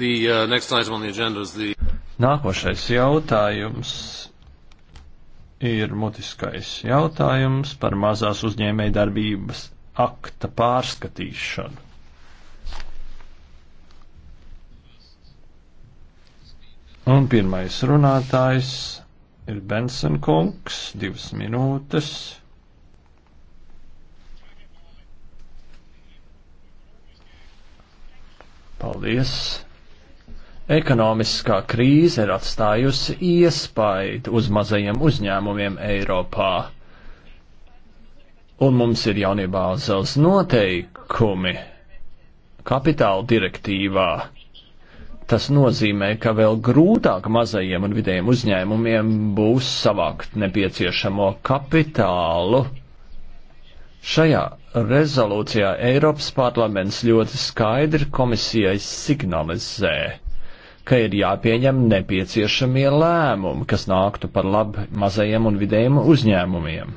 The, uh, next item on the agenda is the... Nākošais jautājums ir mutiskais jautājums par mazās uzņēmēja darbības akta pārskatīšanu. Un pirmais runātājs ir Benson kungs, divas minūtes. Paldies! Ekonomiskā krīze ir atstājusi iespaidu uz mazajiem uzņēmumiem Eiropā. Un mums ir jaunībā uz noteikumi kapitāla direktīvā. Tas nozīmē, ka vēl grūtāk mazajiem un vidējiem uzņēmumiem būs savākt nepieciešamo kapitālu. Šajā rezolūcijā Eiropas parlaments ļoti skaidri komisijai signalizē, ka ir jāpieņem nepieciešamie lēmumi, kas nāktu par labu mazajiem un vidējiem uzņēmumiem.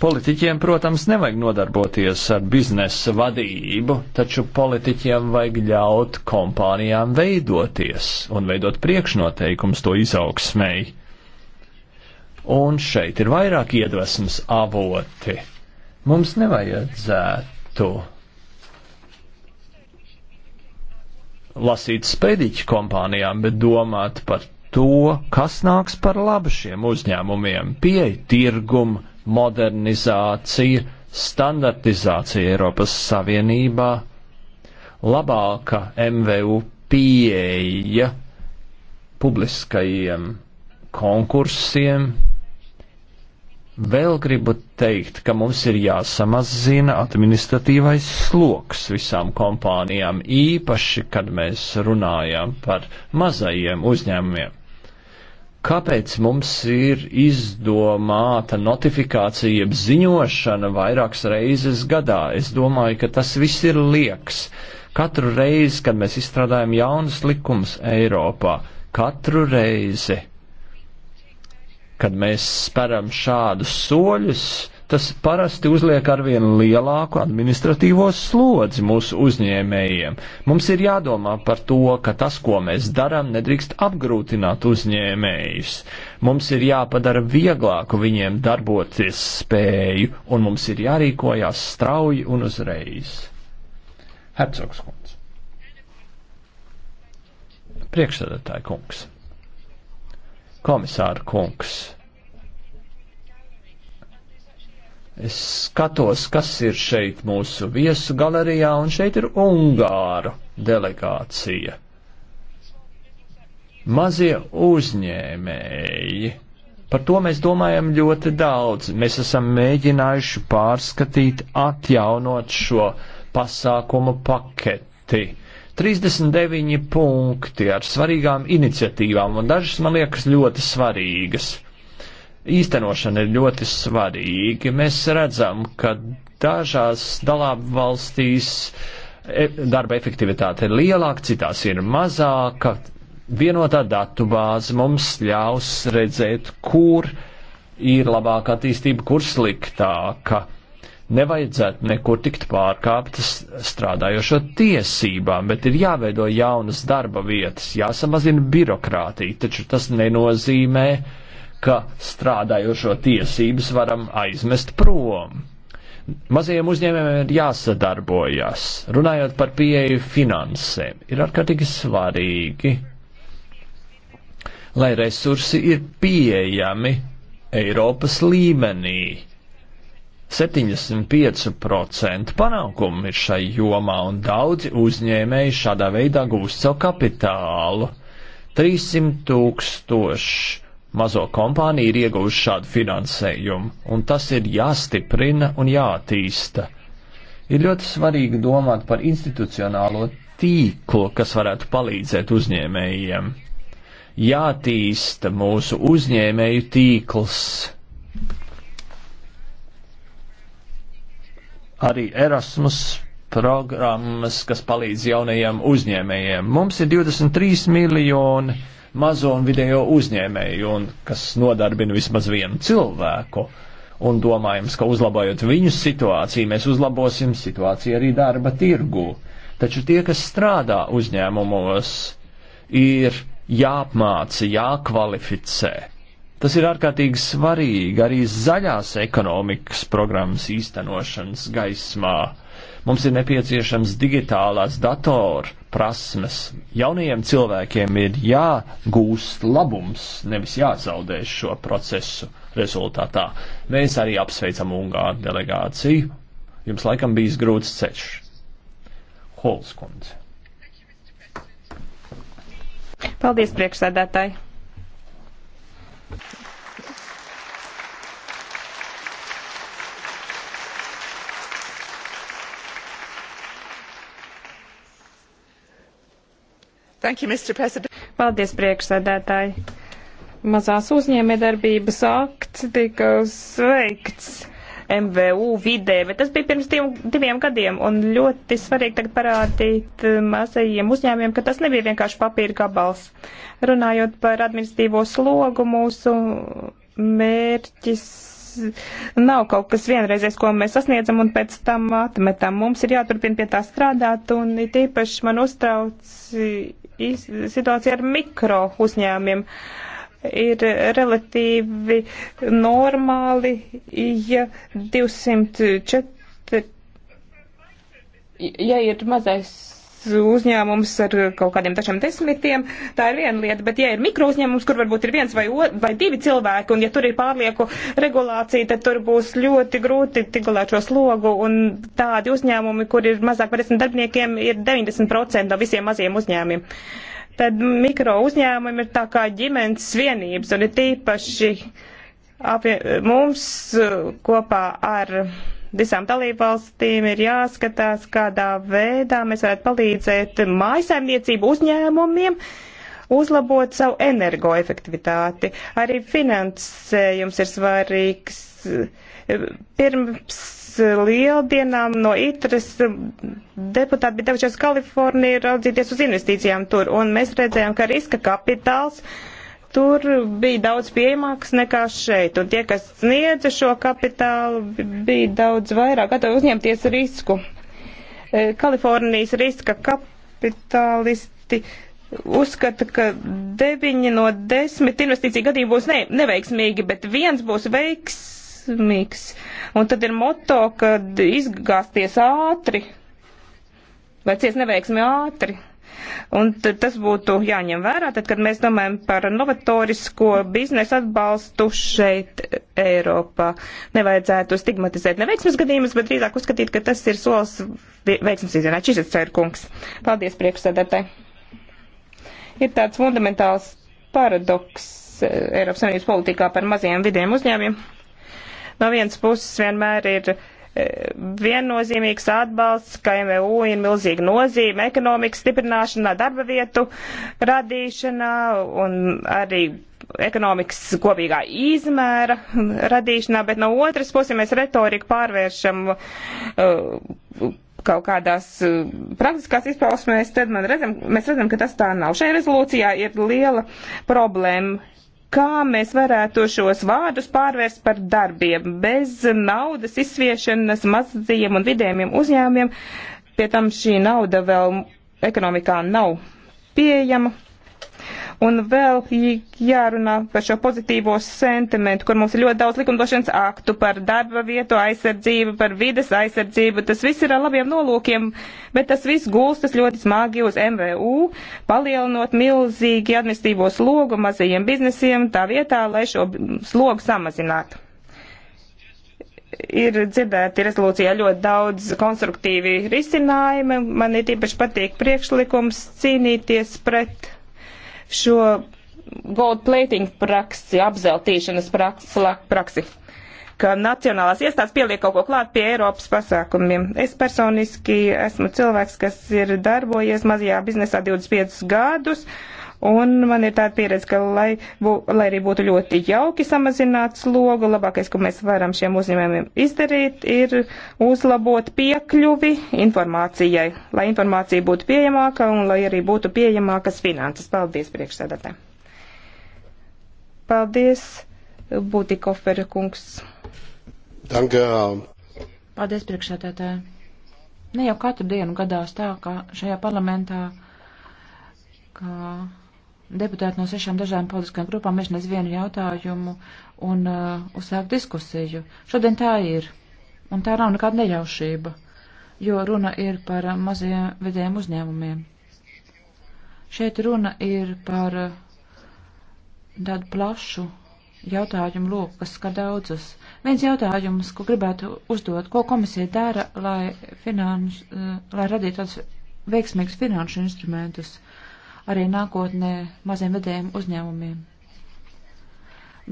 Politiķiem, protams, nevajag nodarboties ar biznesa vadību, taču politiķiem vajag ļaut kompānijām veidoties un veidot priekšnoteikums to izaugsmēji. Un šeit ir vairāk iedvesmas avoti. Mums nevajadzētu lasīt spēļiķu kompānijām, bet domāt par to, kas nāks par labu šiem uzņēmumiem - pieeja tirgum, modernizācija, standartizācija Eiropas Savienībā, labāka MVU pieeja publiskajiem konkursiem, Vēl gribu teikt, ka mums ir jāsamazina administratīvais sloks visām kompānijām, īpaši, kad mēs runājam par mazajiem uzņēmumiem. Kāpēc mums ir izdomāta notifikācija, jeb ziņošana vairākas reizes gadā? Es domāju, ka tas viss ir lieks. Katru reizi, kad mēs izstrādājam jaunas likumus Eiropā, katru reizi Kad mēs speram šādus soļus, tas parasti uzliek arvien lielāku administratīvo slodzi mūsu uzņēmējiem. Mums ir jādomā par to, ka tas, ko mēs darām, nedrīkst apgrūtināt uzņēmējus. Mums ir jāpadara vieglāku viņiem darboties spēju, un mums ir jārīkojās strauji un uzreiz. Hercogs kungs. Priekšsēdētāji kungs komisāra kungs. Es skatos, kas ir šeit mūsu viesu galerijā, un šeit ir Ungāru delegācija. Mazie uzņēmēji. Par to mēs domājam ļoti daudz. Mēs esam mēģinājuši pārskatīt, atjaunot šo pasākumu paketi. 39 punkti ar svarīgām iniciatīvām, un dažas man liekas ļoti svarīgas. Īstenošana ir ļoti svarīga. Mēs redzam, ka dažās dalību valstīs e, darba efektivitāte ir lielāka, citās ir mazāka. Vienotā datu bāze mums ļaus redzēt, kur ir labāka attīstība, kur sliktāka nevajadzētu nekur tikt pārkāptas strādājošo tiesībām, bet ir jāveido jaunas darba vietas, jāsamazina birokrātija, taču tas nenozīmē, ka strādājošo tiesības varam aizmest prom. Mazajiem uzņēmējiem ir jāsadarbojas. Runājot par pieeju finansēm, ir ārkārtīgi svarīgi, lai resursi ir pieejami Eiropas līmenī 75% panākumu ir šai jomā, un daudzi uzņēmēji šādā veidā gūst savu kapitālu. 300 tūkstoši mazo kompāniju ir ieguvuši šādu finansējumu, un tas ir jāstiprina un jātīsta. Ir ļoti svarīgi domāt par institucionālo tīklu, kas varētu palīdzēt uzņēmējiem. Jātīsta mūsu uzņēmēju tīkls arī Erasmus programmas, kas palīdz jaunajiem uzņēmējiem. Mums ir 23 miljoni mazo un vidējo uzņēmēju, un kas nodarbina vismaz vienu cilvēku. Un domājams, ka uzlabojot viņu situāciju, mēs uzlabosim situāciju arī darba tirgu. Taču tie, kas strādā uzņēmumos, ir jāapmāca, jākvalificē Tas ir ārkārtīgi svarīgi arī zaļās ekonomikas programmas īstenošanas gaismā. Mums ir nepieciešams digitālās datoru prasmes. Jaunajiem cilvēkiem ir jāgūst labums, nevis jāzaudē šo procesu rezultātā. Mēs arī apsveicam Ungāru delegāciju. Jums laikam bijis grūts ceļš. Holskundze. Paldies, priekšsēdētāji! You, Paldies, priekšsēdētāji. Mazās uzņēmējdarbības akts tika sveikts MVU vidē, bet tas bija pirms diviem, diviem gadiem, un ļoti svarīgi tagad parādīt mazajiem uzņēmiem, ka tas nebija vienkārši papīra gabals. Runājot par administratīvo slogu, mūsu mērķis nav kaut kas vienreizais, ko mēs sasniedzam un pēc tam atmetam. Mums ir jāturpina pie tā strādāt, un it īpaši man uztrauc situācija ar mikro uzņēmumiem ir relatīvi normāli, ja 204, ja ir mazais uzņēmums ar kaut kādiem tašiem desmitiem, tā ir viena lieta, bet ja ir mikro uzņēmums, kur varbūt ir viens vai, o, vai divi cilvēki, un ja tur ir pārlieku regulācija, tad tur būs ļoti grūti tikulēt šo slogu, un tādi uzņēmumi, kur ir mazāk par desmit darbiniekiem, ir 90% no visiem maziem uzņēmumiem. Tad mikro uzņēmumi ir tā kā ģimenes vienības, un ir tīpaši apie, mums uh, kopā ar visām dalībvalstīm ir jāskatās, kādā veidā mēs varētu palīdzēt mājasēmniecību uzņēmumiem uzlabot savu energoefektivitāti. Arī finansējums ir svarīgs. Pirms lieldienām no Itras deputāti bija devušies Kaliforniju raudzīties uz investīcijām tur, un mēs redzējām, ka riska kapitāls uh, tur bija daudz pieejamāks nekā šeit, un tie, kas sniedza šo kapitālu, bija daudz vairāk gatavi uzņemties risku. E, Kalifornijas riska kapitalisti uzskata, ka 9 no 10 investīciju gadījumu būs ne, neveiksmīgi, bet viens būs veiksmīgs. Un tad ir moto, ka izgāsties ātri, vai cies neveiksmi ātri. Un tas būtu jāņem vērā, tad, kad mēs domājam par novatorisko biznesu atbalstu šeit e, Eiropā. Nevajadzētu stigmatizēt neveiksmes gadījumus, bet drīzāk uzskatīt, ka tas ir solis veiksmes izvienā. Šis ir Cērkungs. Paldies, priekšsēdētāji. Ir tāds fundamentāls paradoks e, Eiropas Savienības politikā par maziem vidiem uzņēmumiem. No vienas puses vienmēr ir E, viennozīmīgs atbalsts, ka MVU ir milzīga nozīme ekonomikas stiprināšanā, darba vietu radīšanā un arī ekonomikas kopīgā izmēra radīšanā, bet no otras puses mēs retoriku pārvēršam uh, kaut kādās e, praktiskās izpausmēs, tad redzam, mēs redzam, ka tas tā nav. Šajā rezolūcijā ir liela problēma kā mēs varētu šos vārdus pārvērst par darbiem bez naudas izsviešanas mazajiem un vidējiem uzņēmumiem. Pie tam šī nauda vēl ekonomikā nav pieejama. Un vēl jārunā par šo pozitīvo sentimentu, kur mums ir ļoti daudz likumdošanas aktu par darba vietu aizsardzību, par vides aizsardzību. Tas viss ir ar labiem nolūkiem, bet tas viss gulstas ļoti smagi uz MVU, palielinot milzīgi administīvo slogu mazajiem biznesiem tā vietā, lai šo slogu samazinātu ir dzirdēti rezolūcijā ļoti daudz konstruktīvi risinājumi. Man ir īpaši patīk priekšlikums cīnīties pret šo gold plating praksi, apzeltīšanas praksi, praksi ka nacionālās iestādes pieliek kaut ko klāt pie Eiropas pasākumiem. Es personiski esmu cilvēks, kas ir darbojies mazajā biznesā 25 gadus. Uh, Un man ir tāda pieredze, ka, lai, bū, lai arī būtu ļoti jauki samazināt slogu, labākais, ko mēs varam šiem uzņēmumiem izdarīt, ir uzlabot piekļuvi informācijai, lai informācija būtu pieejamāka un lai arī būtu pieejamākas finanses. Paldies, priekšsēdētē. Paldies, Būtikofera kungs. Danke. Paldies, priekšsēdētē. Ne jau katru dienu gadās tā, ka šajā parlamentā, ka deputāti no sešām dažādām politiskām grupām mežnēs vienu jautājumu un uh, uzsākt diskusiju. Šodien tā ir, un tā nav nekāda nejaušība, jo runa ir par uh, maziem vidējiem uzņēmumiem. Šeit runa ir par uh, tādu plašu jautājumu loku, kas skar daudzus. Viens jautājums, ko gribētu uzdot, ko komisija dara, lai, finanš, uh, lai radītu tādus veiksmīgus finanšu instrumentus. Uh, arī nākotnē maziem vedējiem uzņēmumiem.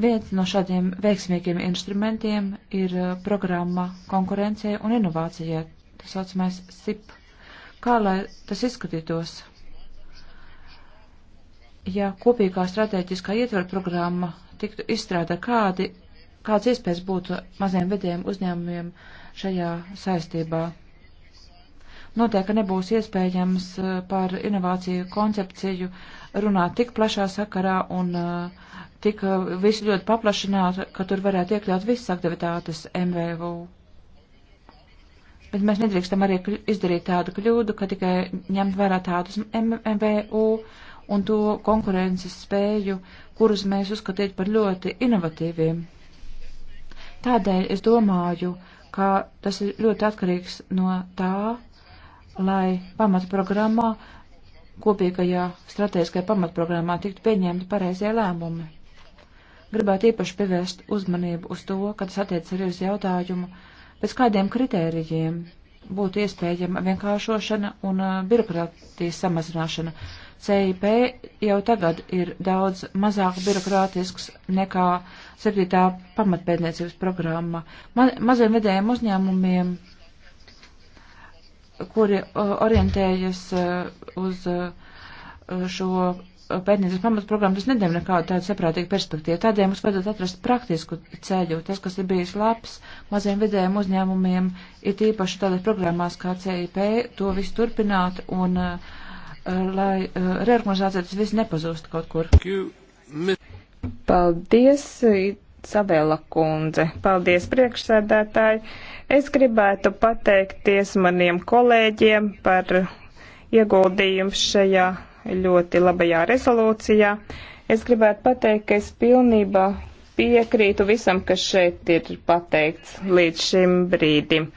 Viens no šādiem veiksmīgiem instrumentiem ir uh, programma konkurencei un inovācijai, tas saucamais SIP. Kā lai tas izskatītos? Ja kopīgā strateģiskā ietvera programma tiktu izstrādā, kādi, kāds iespējas būtu maziem vidējiem uzņēmumiem šajā saistībā? noteikti nebūs iespējams eh, par inovāciju koncepciju runāt tik plašā sakarā un eh, tik eh, visu ļoti paplašināt, ka tur varētu iekļaut visas aktivitātes MVU. Bet mēs nedrīkstam arī izdarīt tādu kļūdu, ka tikai ņemt vērā tādus MVU un to konkurences spēju, kurus mēs uzskatīt par ļoti inovatīviem. Tādēļ es domāju, ka tas ir ļoti atkarīgs no tā, lai pamatprogrammā, kopīgajā strateģiskajā pamatprogrammā tiktu pieņemti pareizie lēmumi. Gribētu īpaši pievērst uzmanību uz to, kad tas attiec arī uz jautājumu, pēc kādiem kritērijiem būtu iespējama vienkāršošana un uh, birokrātijas samazināšana. CIP jau tagad ir daudz mazāk birokrātisks nekā 7. pamatpētniecības programma. Ma maziem vidējiem uzņēmumiem kuri orientējas uz šo pētniecības pamatprogrammu, tas nedēļ nekādu tādu saprātīgu perspektīvu. Tādēļ mums vajadzētu atrast praktisku ceļu. Tas, kas ir bijis labs maziem vidējiem uzņēmumiem, ir tīpaši tādās programmās kā CIP, to visu turpināt un lai reorganizācija tas viss nepazūst kaut kur. Paldies! Savela kundze. Paldies, priekšsēdētāji. Es gribētu pateikties maniem kolēģiem par ieguldījumu šajā ļoti labajā rezolūcijā. Es gribētu pateikt, ka es pilnībā piekrītu visam, kas šeit ir pateikts līdz šim brīdim.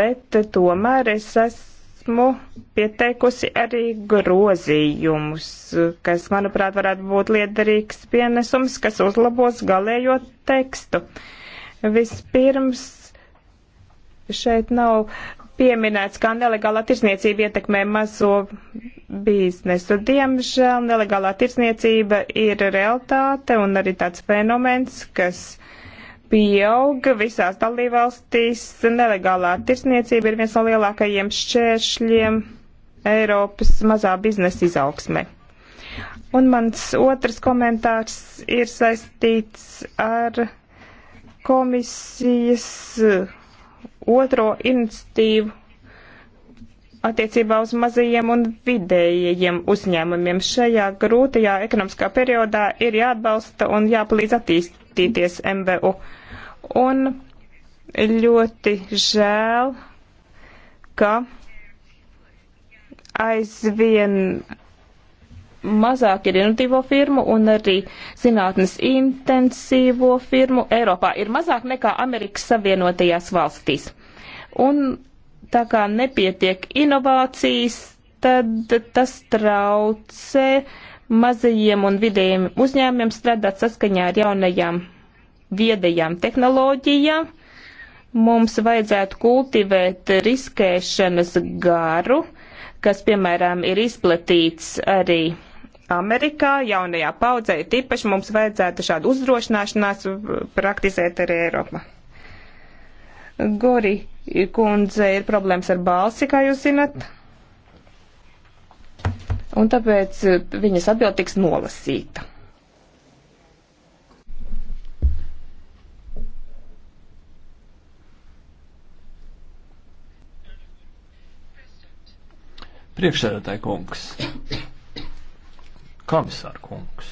Bet tomēr es esmu esmu pieteikusi arī grozījumus, kas, manuprāt, varētu būt liederīgs pienesums, kas uzlabos galējo tekstu. Vispirms šeit nav pieminēts, kā nelegālā tirsniecība ietekmē mazo biznesu. Diemžēl nelegālā tirsniecība ir realitāte un arī tāds fenomens, kas pieauga visās dalībvalstīs. Nelegālā tirsniecība ir viens no lielākajiem šķēršļiem Eiropas mazā biznesa izaugsmē. Un mans otrs komentārs ir saistīts ar komisijas otro iniciatīvu attiecībā uz mazajiem un vidējiem uzņēmumiem. Šajā grūtajā ekonomiskā periodā ir jāatbalsta un jāpalīdz attīstīt skatīties MBU. Un ļoti žēl, ka aizvien mazāk ir inovatīvo firmu un arī zinātnes intensīvo firmu Eiropā ir mazāk nekā Amerikas Savienotajās valstīs. Un tā kā nepietiek inovācijas, tad tas traucē mazajiem un vidējiem uzņēmumiem strādāt saskaņā ar jaunajām viedajām tehnoloģijām. Mums vajadzētu kultivēt riskēšanas garu, kas, piemēram, ir izplatīts arī Amerikā, jaunajā paudzē, tīpaši mums vajadzētu šādu uzdrošināšanās praktizēt arī Eiropā. Gori kundze ir problēmas ar balsi, kā jūs zinat. Mm un tāpēc eh, viņas atbild tiks nolasīta. Priekšsēdētāji kungs, komisāra kungs,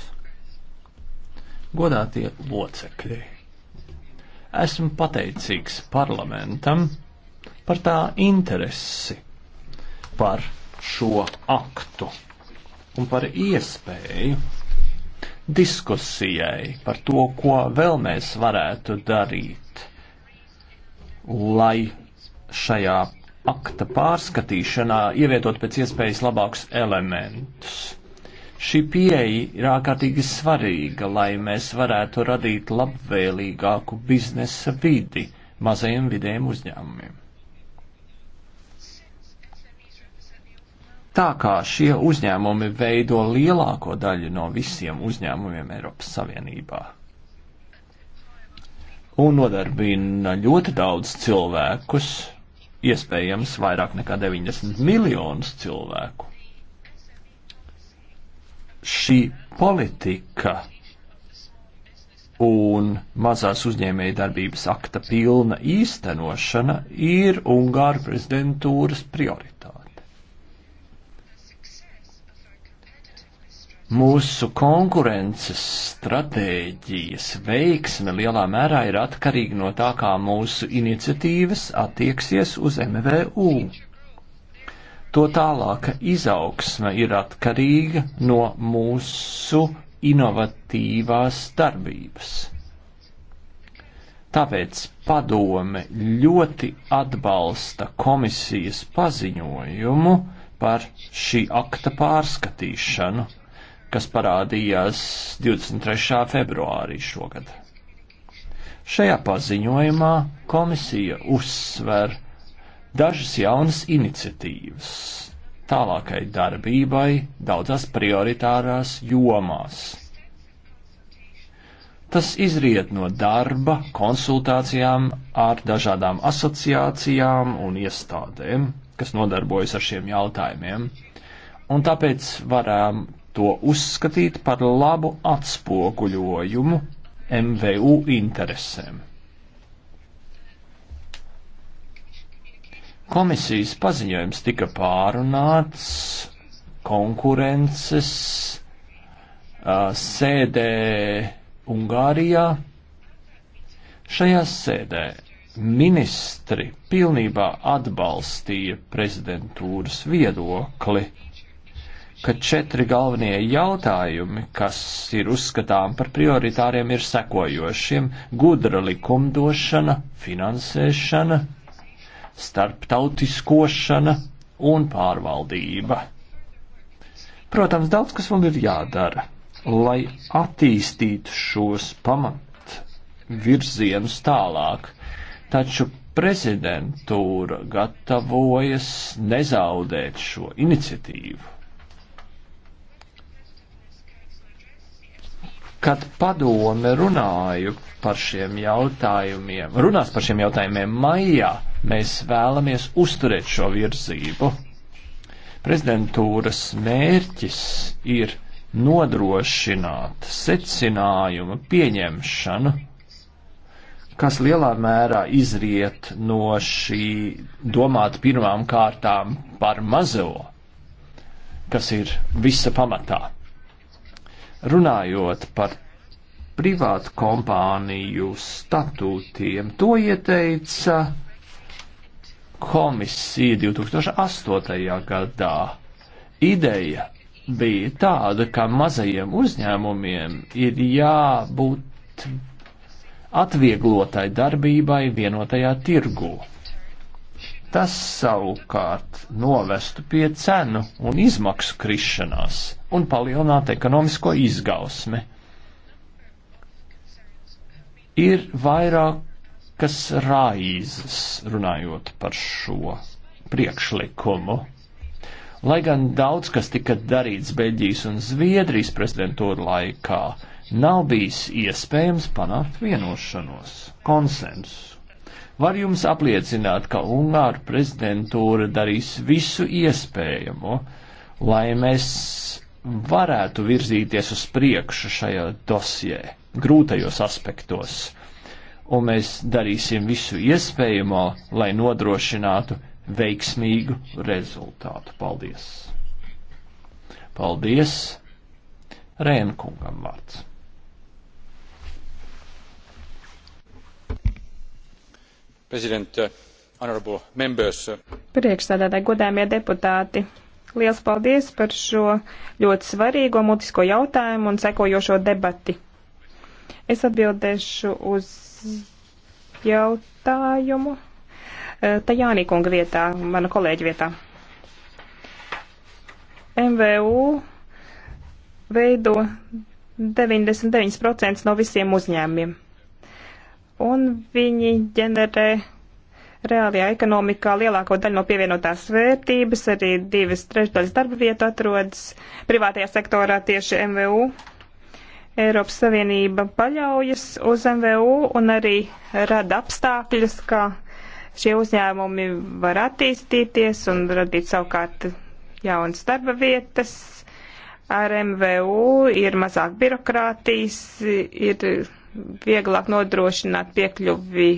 godātie locekļi, esmu pateicīgs parlamentam par tā interesi par šo aktu un par iespēju diskusijai par to, ko vēl mēs varētu darīt, lai šajā akta pārskatīšanā ievietot pēc iespējas labākus elementus. Šī pieeja ir ārkārtīgi svarīga, lai mēs varētu radīt labvēlīgāku biznesa vidi mazajiem vidējiem uzņēmumiem. Tā kā šie uzņēmumi veido lielāko daļu no visiem uzņēmumiem Eiropas Savienībā un nodarbina ļoti daudz cilvēkus, iespējams vairāk nekā 90 miljonus cilvēku. Šī politika un mazās uzņēmēja darbības akta pilna īstenošana ir Ungāru prezidentūras prioritāte. Mūsu konkurences stratēģijas veiksme lielā mērā ir atkarīga no tā, kā mūsu iniciatīvas attieksies uz MVU. To tālāka izaugsme ir atkarīga no mūsu inovatīvās darbības. Tāpēc padome ļoti atbalsta komisijas paziņojumu par šī akta pārskatīšanu kas parādījās 23. februārī šogad. Šajā paziņojumā komisija uzsver dažas jaunas iniciatīvas tālākai darbībai daudzās prioritārās jomās. Tas izriet no darba, konsultācijām ar dažādām asociācijām un iestādēm, kas nodarbojas ar šiem jautājumiem, un tāpēc varam to uzskatīt par labu atspoguļojumu MVU interesēm. Komisijas paziņojums tika pārunāts konkurences sēdē Ungārijā. Šajā sēdē ministri pilnībā atbalstīja prezidentūras viedokli ka četri galvenie jautājumi, kas ir uzskatām par prioritāriem, ir sekojošiem - gudra likumdošana, finansēšana, starptautiskošana un pārvaldība. Protams, daudz kas vēl ir jādara, lai attīstītu šos pamat virzienus tālāk, taču prezidentūra gatavojas nezaudēt šo iniciatīvu. kad padome runāju par šiem jautājumiem, runās par šiem jautājumiem maijā, mēs vēlamies uzturēt šo virzību. Prezidentūras mērķis ir nodrošināt secinājumu pieņemšanu, kas lielā mērā izriet no šī domāt pirmām kārtām par mazo, kas ir visa pamatā. Runājot par privātu kompāniju statūtiem, to ieteica komisija 2008. gadā. Ideja bija tāda, ka mazajiem uzņēmumiem ir jābūt atvieglotai darbībai vienotajā tirgū. Tas savukārt novestu pie cenu un izmaksu krišanās un palielinātu ekonomisko izgausmi. Ir vairākas raizes runājot par šo priekšlikumu. Lai gan daudz kas tika darīts Beļģijas un Zviedrijas prezidentūra laikā, nav bijis iespējams panākt vienošanos, konsensus. Var jums apliecināt, ka Ungāra prezidentūra darīs visu iespējamo, lai mēs varētu virzīties uz priekšu šajā dosjē, grūtajos aspektos, un mēs darīsim visu iespējamo, lai nodrošinātu veiksmīgu rezultātu. Paldies! Paldies! Rēnkungam vārds! Uh, uh, Priekšsēdētāji, godājumie deputāti, liels paldies par šo ļoti svarīgo mutisko jautājumu un sekojošo debati. Es atbildēšu uz jautājumu uh, Tajānī kunga vietā, mana kolēģa vietā. MVU veido 99% no visiem uzņēmumiem un viņi ģenerē reālajā ekonomikā lielāko daļu no pievienotās vērtības, arī divas trešdaļas darba vietu atrodas privātajā sektorā tieši MVU. Eiropas Savienība paļaujas uz MVU un arī rada apstākļus, kā šie uzņēmumi var attīstīties un radīt savukārt jaunas darba vietas. Ar MVU ir mazāk birokrātijas, ir vieglāk nodrošināt piekļuvi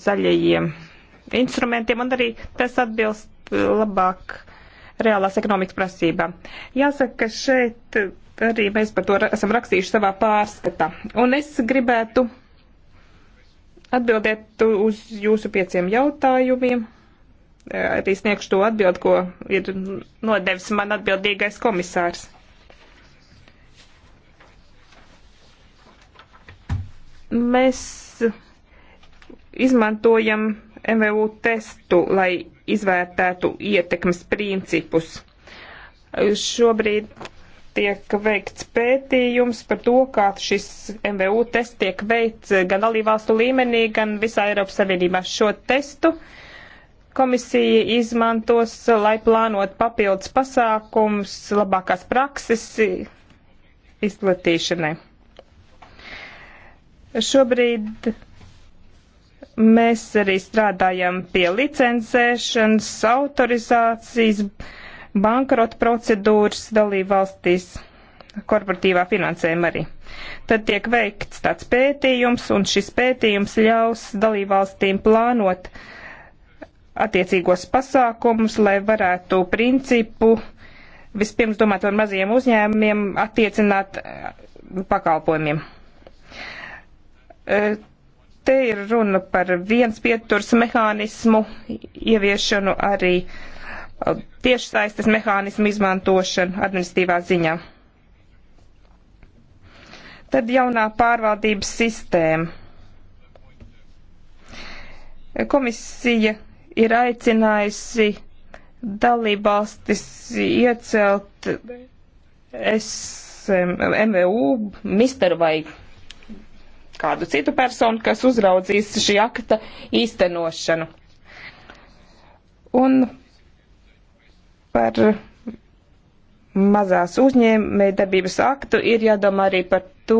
zaļajiem instrumentiem, un arī tas atbilst labāk reālās ekonomikas prasībām. Jāsaka, ka šeit arī mēs par to esam rakstījuši savā pārskatā. Un es gribētu atbildēt uz jūsu pieciem jautājumiem. Arī sniegšu to atbildi, ko ir nodevis man atbildīgais komisārs. Mēs izmantojam MVU testu, lai izvērtētu ietekmes principus. Šobrīd tiek veikts pētījums par to, kā šis MVU tests tiek veikts gan dalībvalstu līmenī, gan visā Eiropas Savienībā. Šo testu komisija izmantos, lai plānot papildus pasākums labākās prakses izplatīšanai. Šobrīd mēs arī strādājam pie licencēšanas, autorizācijas, bankrota procedūras dalībvalstīs, korporatīvā finansējuma arī. Tad tiek veikts tāds pētījums, un šis pētījums ļaus dalībvalstīm plānot attiecīgos pasākumus, lai varētu principu vispirms domāt par mazajiem uzņēmumiem attiecināt uh, pakalpojumiem. Te ir runa par viens pieturs mehānismu ieviešanu arī uh, tiešsaistes mehānismu izmantošanu administratīvā ziņā. Tad jaunā pārvaldības sistēma. Komisija ir aicinājusi dalībvalstis iecelt SM, MVU, misteru vai kādu citu personu, kas uzraudzīs šī akta īstenošanu. Un par mazās uzņēmēja darbības aktu ir jādomā arī par to,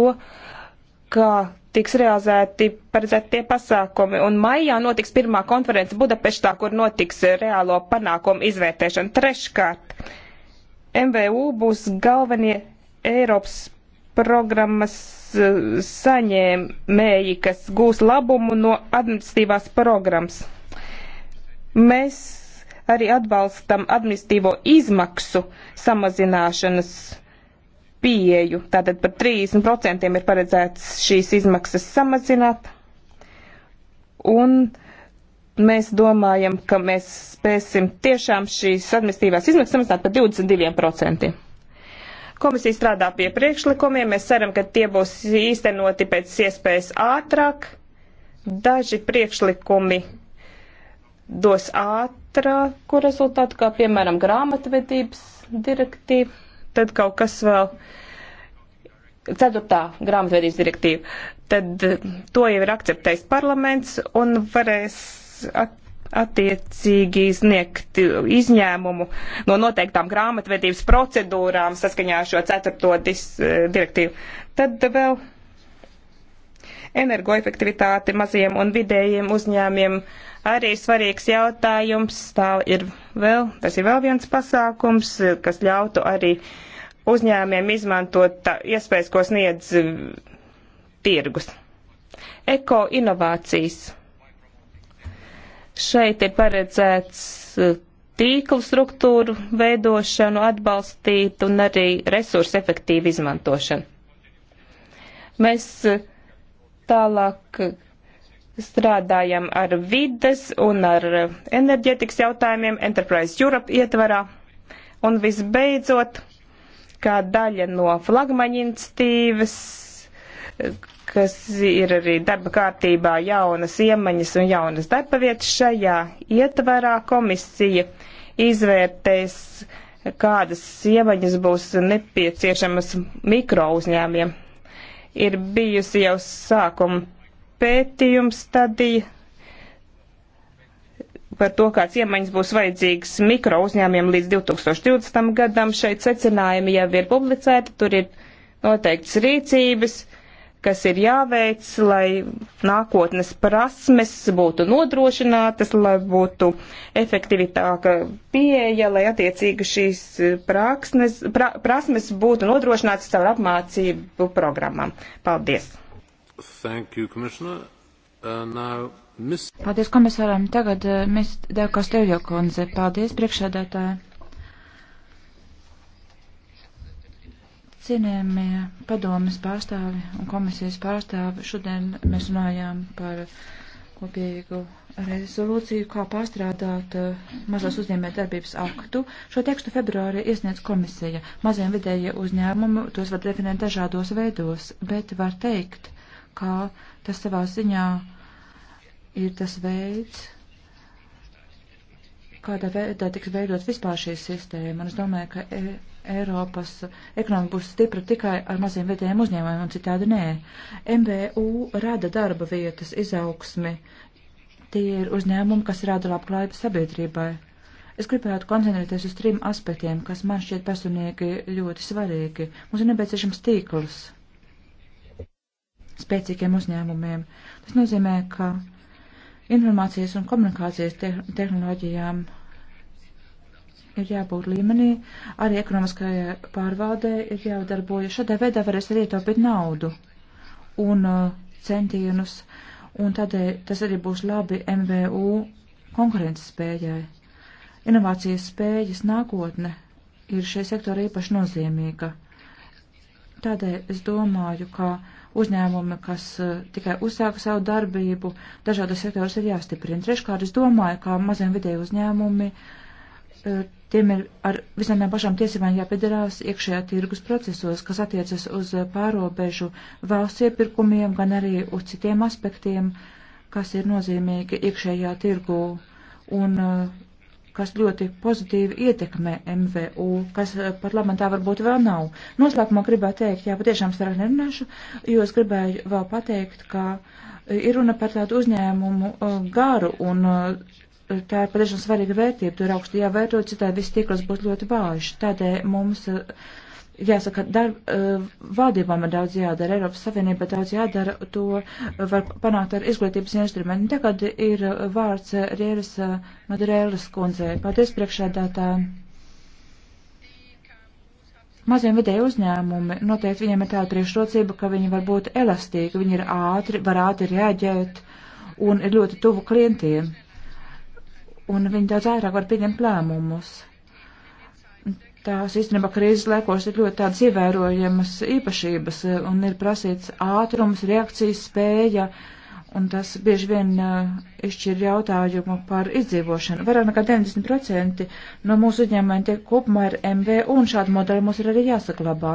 kā tiks realizēti paredzētie pasākumi. Un maijā notiks pirmā konference Budapeštā, kur notiks reālo panākumu izvērtēšana. Treškārt, MVU būs galvenie Eiropas programmas eh, saņēmēji, kas gūs labumu no administratīvās programmas. Mēs arī atbalstam administratīvo izmaksu samazināšanas pieeju. Tātad par 30% ir paredzēts šīs izmaksas samazināt. Un mēs domājam, ka mēs spēsim tiešām šīs administratīvās izmaksas samazināt par 22%. Komisija strādā pie priekšlikumiem, mēs ceram, ka tie būs īstenoti pēc iespējas ātrāk. Daži priekšlikumi dos ātrāku rezultātu, kā piemēram grāmatvedības direktīva, tad kaut kas vēl. Ceturtā grāmatvedības direktīva. Tad to jau ir akceptējis parlaments un varēs attiecīgi sniegt izņēmumu no noteiktām grāmatvedības procedūrām saskaņā ar šo ceturto eh, direktīvu. Tad vēl energoefektivitāte maziem un vidējiem uzņēmiem arī svarīgs jautājums. Tā ir vēl, tas ir vēl viens pasākums, eh, kas ļautu arī uzņēmiem izmantot tā, iespējas, ko sniedz eh, tirgus. Eko inovācijas Šeit ir paredzēts eh, tīklu struktūru veidošanu atbalstīt un arī resursu efektīvu izmantošanu. Mēs eh, tālāk eh, strādājam ar vides un ar enerģetikas jautājumiem Enterprise Europe ietvarā. Un visbeidzot, kā daļa no flagmaņa institīvas, kas ir arī darba kārtībā jaunas iemaņas un jaunas darba vietas šajā ietvarā komisija izvērtēs, kādas iemaņas būs nepieciešamas mikro uzņēmiem. Ir bijusi jau sākuma pētījums stadija par to, kāds iemaņas būs vajadzīgs mikro uzņēmiem līdz 2020. gadam. Šeit secinājumi jau ir publicēti, tur ir noteikts rīcības kas ir jāveic, lai nākotnes prasmes būtu nodrošinātas, lai būtu efektivitāka pieeja, lai attiecīgi šīs praksnes, pra, prasmes būtu nodrošinātas caur apmācību programmām. Paldies! Thank you, Commissioner. Uh, now, Miss... Paldies komisāram. Tagad uh, mēs Dēkos Tevjokundze. Paldies priekšsēdētāji. Cienījamie padomas pārstāvi un komisijas pārstāvi, šodien mēs runājām par kopīgu rezolūciju, kā pārstrādāt eh, mazās uzņēmē darbības aktu. Šo tekstu februāri iesniedz komisija. Maziem vidējie uzņēmumi tos var definēt dažādos veidos, bet var teikt, ka tas savā ziņā ir tas veids, kādā veidā tiks veidot vispār šī sistēma. Un es domāju, ka e Eiropas ekonomika būs stipra tikai ar maziem vietējiem uzņēmumiem un citādi nē. MBU rada darba vietas, izaugsmi. Tie ir uzņēmumi, kas rada labklājību sabiedrībai. Es gribētu koncentrēties uz trim aspektiem, kas man šķiet personīgi ļoti svarīgi. Mums ir nepieciešams tīkls spēcīgiem uzņēmumiem. Tas nozīmē, ka informācijas un komunikācijas tehnoloģijām ir jābūt līmenī, arī ekonomiskajai pārvaldē ir jādarbojas. Šādā veidā varēs arī ietaupīt naudu un uh, centienus, un tādēļ tas arī būs labi MVU konkurences spējai. Inovācijas spējas nākotne ir šai sektora īpaši nozīmīga. Tādēļ es domāju, ka uzņēmumi, kas uh, tikai uzsāka savu darbību, dažādos sektoros ir jāstiprina. Treškārt, es domāju, ka maziem vidēju uzņēmumi uh, Tiem ir ar visām tām pašām tiesībām jāpiedalās iekšējā tirgus procesos, kas attiecas uz pārobežu valsts iepirkumiem, gan arī uz citiem aspektiem, kas ir nozīmīgi iekšējā tirgu un eh, kas ļoti pozitīvi ietekmē MVU, kas eh, pat labam tā varbūt vēl nav. Noslēgumā gribētu teikt, jā, patiešām starāk nerunāšu, jo es gribēju vēl pateikt, ka eh, ir runa par tādu uzņēmumu garu un tā ir patiešām svarīga vērtība, tur ir augsti jāvērto, citādi viss tīkls būs ļoti vājš. Tādēļ mums, eh, jāsaka, darb, eh, valdībām ir daudz jādara, Eiropas Savienība daudz jādara, to var panākt ar izglītības instrumentu. Tagad ir vārds Rieras eh, Madurēlas kundzei. Paldies priekšēdātā. Maziem vidēji uzņēmumi, noteikti viņiem ir tāda priekšrocība, ka viņi var būt elastīgi, viņi ir ātri, var ātri reaģēt un ir ļoti tuvu klientiem un viņi daudz vairāk var pieņemt lēmumus. Tās īstenībā krīzes laikos ir ļoti tādas ievērojamas īpašības, eh, un ir prasīts ātrums, reakcijas spēja, un tas bieži vien uh, izšķir jautājumu par izdzīvošanu. Vairāk nekā 90% no mūsu uzņēmumiem tiek kopumā ir MV, un šādu modeli mums ir arī jāsaklabā.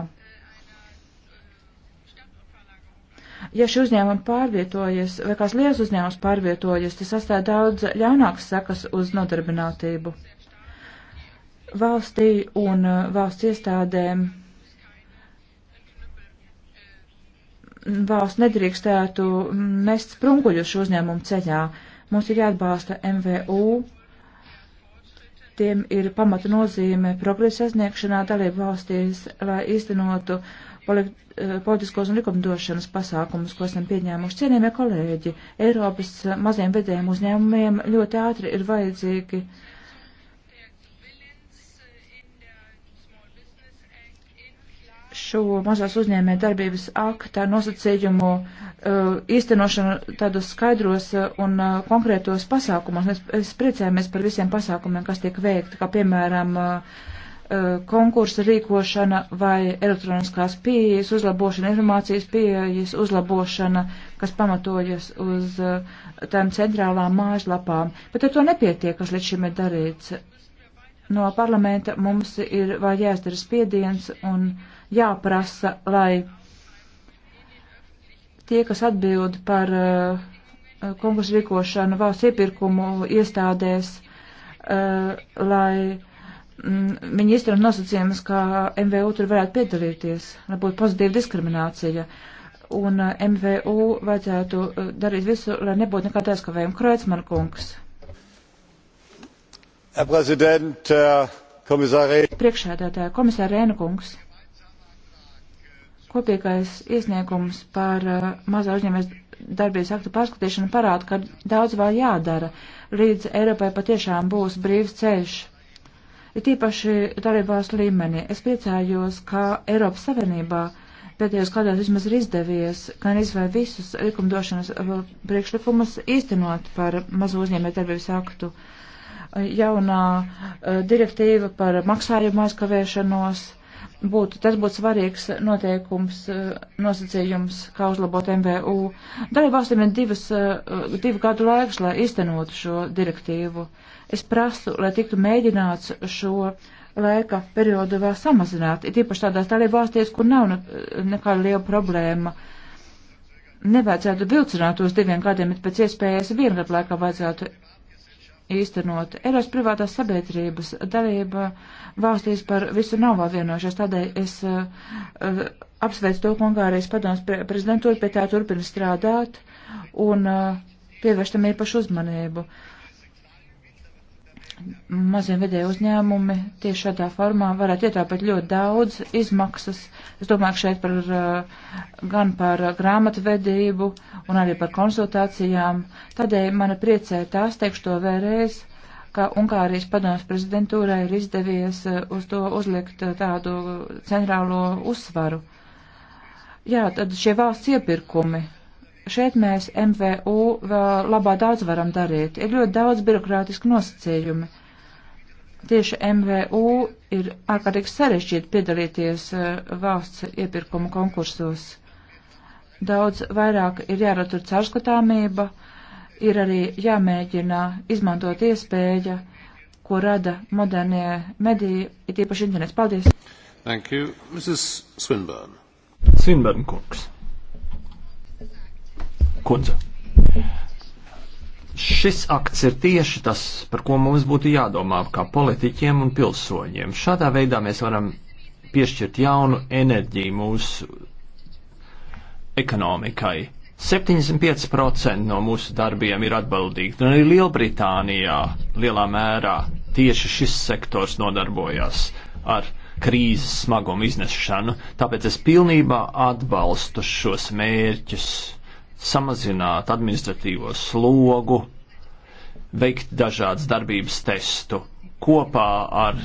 Ja šie uzņēmumi pārvietojas, vai kāds liels uzņēmums pārvietojas, tas atstāja daudz ļaunākas sakas uz nodarbinātību. Valstī un uh, valsts iestādēm valsts nedrīkstētu mest sprunguļus uzņēmumu ceļā. Mums ir jāatbalsta MVU. Tiem ir pamata nozīme progresa sasniegšanā dalību valstīs, lai īstenotu uh, Eh, politiskos un likumdošanas pasākumus, ko esam pieņēmuši. Cienījamie kolēģi, Eiropas eh, maziem vedējiem uzņēmumiem ļoti ātri ir vajadzīgi šo mazās uzņēmē darbības akta nosacījumu eh, īstenošanu tādos skaidros un konkrētos pasākumos. Mēs, mēs priecājamies par visiem pasākumiem, kas tiek veikti, kā piemēram uh, Uh, konkursa rīkošana vai elektroniskās pieejas uzlabošana, informācijas pieejas uzlabošana, kas pamatojas uz uh, tām centrālām mājaslapām. Bet ar to nepietiek, kas līdz šim ir darīts. No parlamenta mums ir vai jāizdara spiediens un jāprasa, lai tie, kas atbild par uh, konkursu rīkošanu valsts iepirkumu iestādēs, uh, lai Mm, viņi izstrādā nosacījumus, ka MVU tur varētu piedalīties, lai būtu pozitīva diskriminācija. Un eh, MVU vajadzētu eh, darīt visu, lai nebūtu nekāda aizkavējuma. Kreuzman kungs. Äh, Priekšēdētāja komisāra Rēna kungs. Kopīgais iesniegums par äh, mazā uzņēmēs darbības aktu pārskatīšanu parāda, ka daudz vēl jādara, līdz Eiropai patiešām būs brīvs ceļš ir tīpaši dalībās līmenī. Es priecājos, ka Eiropas Savienībā pēdējos gados vismaz ir izdevies gan izvēl visus likumdošanas eh, priekšlikumus īstenot par mazu uzņēmēju darbības aktu. Jaunā eh, direktīva par maksājumu aizkavēšanos, būtu, tas būtu svarīgs noteikums, eh, nosacījums, kā uzlabot MVU. Dalībvalstīm ir divas, eh, divu gadu laiks, lai iztenotu šo direktīvu. Es prasu, lai tiktu mēģināts šo laika periodu vēl samazināt, ir īpaši tādās dalībvalstīs, kur nav ne, nekāda liela problēma. Nevajadzētu vilcināt uz diviem gadiem, bet pēc iespējas vienu gadu laikā vajadzētu īstenot. Eiros privātās sabiedrības dalība valstīs par visu nav vēl vienojušies, tādēļ es uh, apsveicu to, ka Ungārijas padomas pre prezidentūra pie tā turpina strādāt un uh, eh, pievēršam īpašu uzmanību. Uh, mazie vidēji uzņēmumi tieši šādā formā varētu ietāpēt ļoti daudz izmaksas. Es domāju šeit par, uh, gan par grāmatvedību un arī par konsultācijām. Tādēļ mani priecē tās, teikšu to vēlreiz, ka Ungārijas padomas prezidentūrai ir izdevies uh, uz to uzlikt uh, tādu centrālo uzsvaru. Jā, tad šie valsts iepirkumi šeit mēs MVU labā daudz varam darīt. Ir ļoti daudz birokrātisku nosacījumu. Tieši MVU ir ārkārtīgi sarežģīti piedalīties eh, valsts iepirkumu konkursos. Daudz vairāk ir jāratur caurskatāmība, ir arī jāmēģina izmantot iespēja, ko rada modernie mediji, ir tīpaši internets. Paldies! Thank you. Mrs. Swinburne. Swinburne kungs kundze. Šis akts ir tieši tas, par ko mums būtu jādomā kā politiķiem un pilsoņiem. Šādā veidā mēs varam piešķirt jaunu enerģiju mūsu ekonomikai. 75% no mūsu darbiem ir atbildīgi, un arī Lielbritānijā lielā mērā tieši šis sektors nodarbojās ar krīzes smagumu iznešanu, tāpēc es pilnībā atbalstu šos mērķus samazināt administratīvo slogu, veikt dažādas darbības testu kopā ar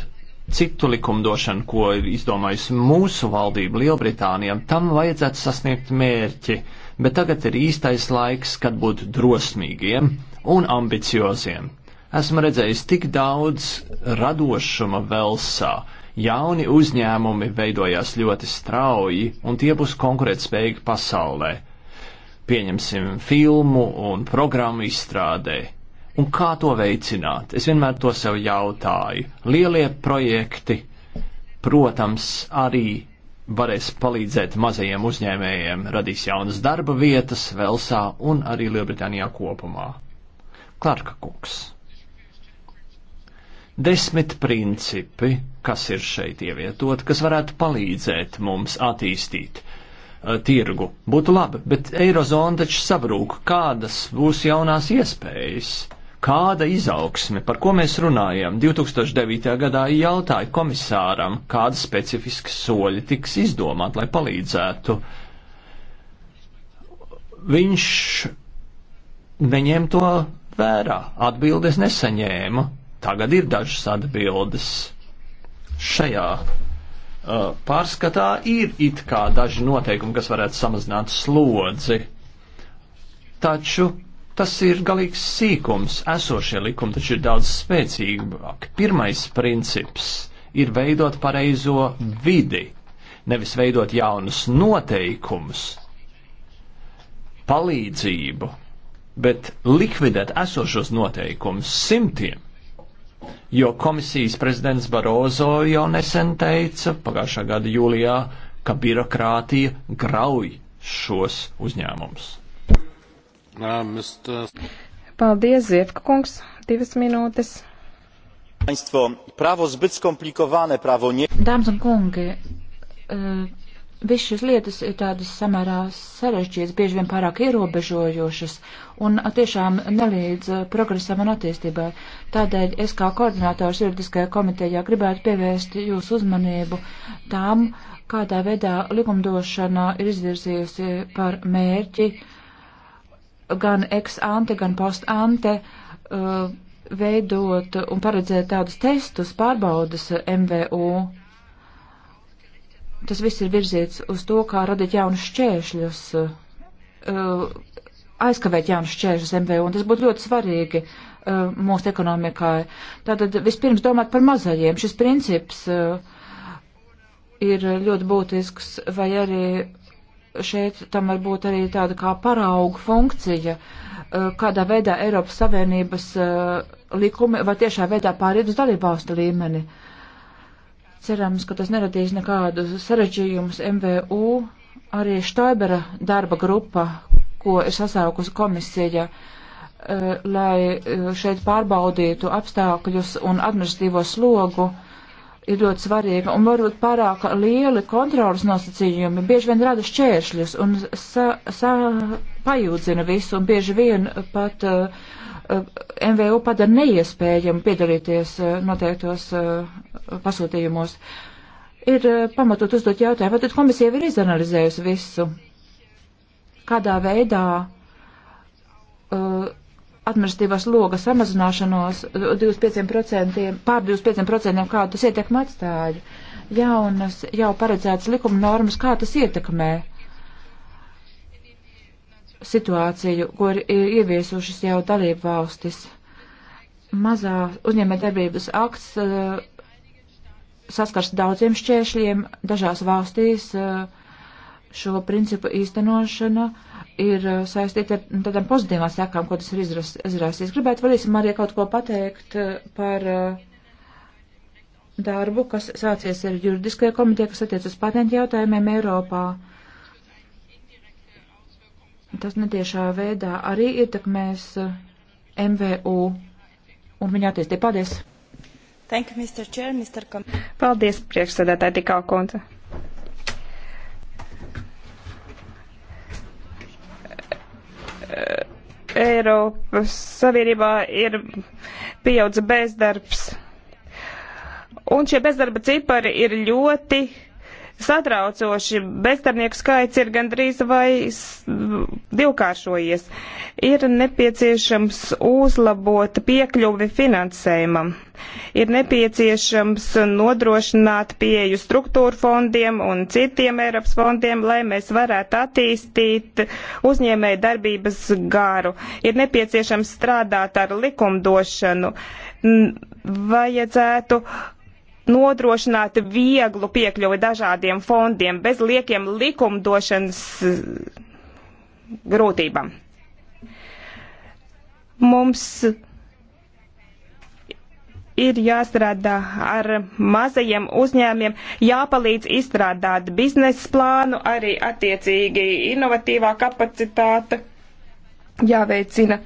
citu likumdošanu, ko ir izdomājusi mūsu valdība Lielbritānijam, tam vajadzētu sasniegt mērķi, bet tagad ir īstais laiks, kad būt drosmīgiem un ambicioziem. Esmu redzējis tik daudz radošuma velsā. Jauni uzņēmumi veidojās ļoti strauji, un tie būs konkurētspējīgi pasaulē pieņemsim filmu un programmu izstrādē. Un kā to veicināt? Es vienmēr to sev jautāju. Lielie projekti, protams, arī varēs palīdzēt mazajiem uzņēmējiem, radīs jaunas darba vietas Velsā un arī Lielbritānijā kopumā. Klarka kungs. Desmit principi, kas ir šeit ievietot, kas varētu palīdzēt mums attīstīt Uh, tirgu. Būtu labi, bet eirozona taču sabrūk, kādas būs jaunās iespējas. Kāda izaugsme, par ko mēs runājam, 2009. gadā jautāja komisāram, kādas specifiskas soļi tiks izdomāt, lai palīdzētu. Viņš neņēma to vērā, atbildes nesaņēma. Tagad ir dažas atbildes šajā Uh, pārskatā ir it kā daži noteikumi, kas varētu samazināt slodzi, taču tas ir galīgs sīkums. Esošie likumi taču ir daudz spēcīgāki. Pirmais princips ir veidot pareizo vidi, nevis veidot jaunus noteikumus, palīdzību, bet likvidēt esošos noteikumus simtiem jo komisijas prezidents Barozo jau nesen teica, pagājušā gada jūlijā, ka birokrātija grauj šos uzņēmumus. Paldies, Ziedka kungs, divas minūtes. Dāmas un kungi, eh, Viss šīs lietas ir tādas samērā sarežģītas, bieži vien pārāk ierobežojošas un tiešām nelīdz progresam un attīstībai. Tādēļ es kā koordinātors juridiskajā komitejā gribētu pievērst jūsu uzmanību tām, kādā veidā likumdošana ir izvirzījusi par mērķi gan ex ante, gan post ante uh, veidot un paredzēt tādus testus pārbaudas MVU tas viss ir virzīts uz to, kā radīt jaunus šķēršļus, eh, aizkavēt jaunus šķēršļus MVU, un tas būtu ļoti svarīgi eh, mūsu ekonomikai. Tātad vispirms domāt par mazajiem. Šis princips eh, ir ļoti būtisks, vai arī šeit tam var būt arī tāda kā parauga funkcija, kādā veidā Eiropas Savienības likumi var tiešā veidā pāriet uz dalībvalstu līmeni. Uh, Cerams, ka tas neradīs nekādu sarežģījumus MVU. Arī Štaibera darba grupa, ko ir sasaukusi komisija, eh, lai eh, šeit pārbaudītu apstākļus un administratīvo slogu, ir ļoti svarīga. Un varbūt pārāk lieli kontrolas nosacījumi bieži vien rada šķēršļus un sa, sa, pajūdzina visu un bieži vien pat uh, Eh, MVU padara neiespējami piedalīties eh, noteiktos eh, pasūtījumos. Ir pamatot uzdot jautājumu, vai tad komisija ir izanalizējusi visu? Kādā veidā uh, administratīvās logas samazināšanos 25%, pār 25%, kā tas ietekmē atstāju jaunas, jau paredzētas likuma normas, kā tas ietekmē uh, situāciju, ko ir ieviesušas jau dalību valstis. Mazā uzņēmējdarbības akts uh, saskars daudziem šķēršļiem. Dažās valstīs uh, šo principu īstenošana ir uh, saistīta ar nu, tādām pozitīvām sekām, ko tas ir izrasties. Gribētu varēsim arī kaut ko pateikt par darbu, kas sācies ar juridiskajā komitē, kas attiec uz patentu jautājumiem Eiropā tas netiešā veidā arī ietekmēs eh, MVU un viņa attīstību. Paldies! Thank you, Mr. Chair, Mr. Com Paldies, priekšsēdētāji Tikau kundze. Eh, Eiropas Savienībā ir pieaudza bezdarbs. Un šie bezdarba cipari ir ļoti satraucoši. Bezdarbnieku skaits ir gandrīz vai divkāršojies. Ir nepieciešams uzlabot piekļuvi finansējumam. Ir nepieciešams nodrošināt pieju struktūru fondiem un citiem Eiropas fondiem, lai mēs varētu attīstīt uzņēmēju darbības gāru. Ir nepieciešams strādāt ar likumdošanu. Vajadzētu nodrošināt vieglu piekļuvi dažādiem fondiem bez liekiem likumdošanas eh, grūtībām. Mums ir jāstrādā ar mazajiem uzņēmiem, jāpalīdz izstrādāt biznesa plānu, arī attiecīgi inovatīvā kapacitāte jāveicina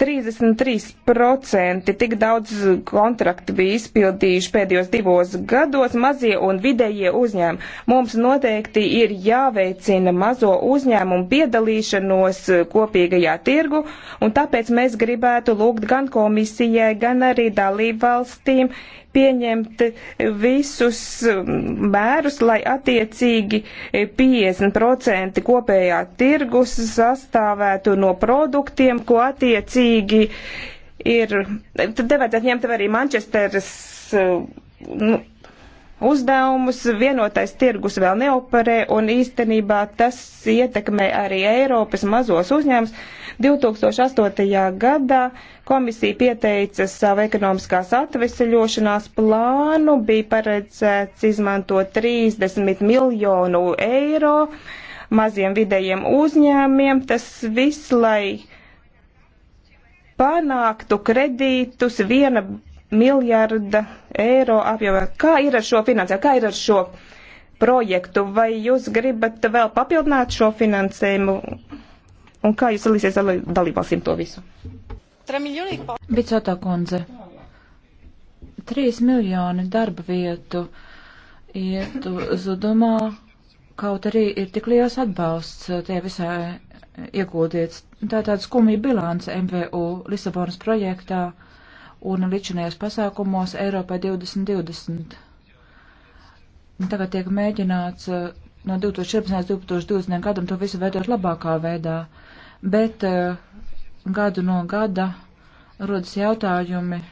33% tik daudz kontraktu bija izpildījuši pēdējos divos gados mazie un vidējie uzņēmumi. Mums noteikti ir jāveicina mazo uzņēmumu piedalīšanos kopīgajā tirgu, un tāpēc mēs gribētu lūgt gan komisijai, gan arī dalību valstīm pieņemt visus mērus, lai attiecīgi 50% kopējā tirgus sastāvētu no produktiem, ko attiecīgi svarīgi ir, tad nevajadzētu ņemt arī Mančesteras uh, nu, uzdevumus, vienotais tirgus vēl neoperē, un īstenībā tas ietekmē arī Eiropas mazos uzņēmus. 2008. gadā komisija pieteica savu ekonomiskās atveseļošanās plānu, bija paredzēts izmantot 30 miljonu eiro maziem vidējiem uzņēmiem. Tas viss, lai panāktu kredītus viena miljarda eiro apjomā. Kā ir ar šo finansējumu? Kā ir ar šo projektu? Vai jūs gribat vēl papildināt šo finansējumu? Un kā jūs salīsies ar dalībvalstīm to visu? Bicotā kundze, 3 miljoni darba vietu iet zudumā kaut arī ir tik liels atbalsts eh, tie visai eh, iegūdīts. Tā ir tāda skumja bilance MVU Lisabonas projektā un ličinajos pasākumos Eiropai 2020. Tagad tiek mēģināts eh, no 2014. līdz 2020. gadam to visu veidot labākā veidā, bet gadu no gada rodas jautājumi,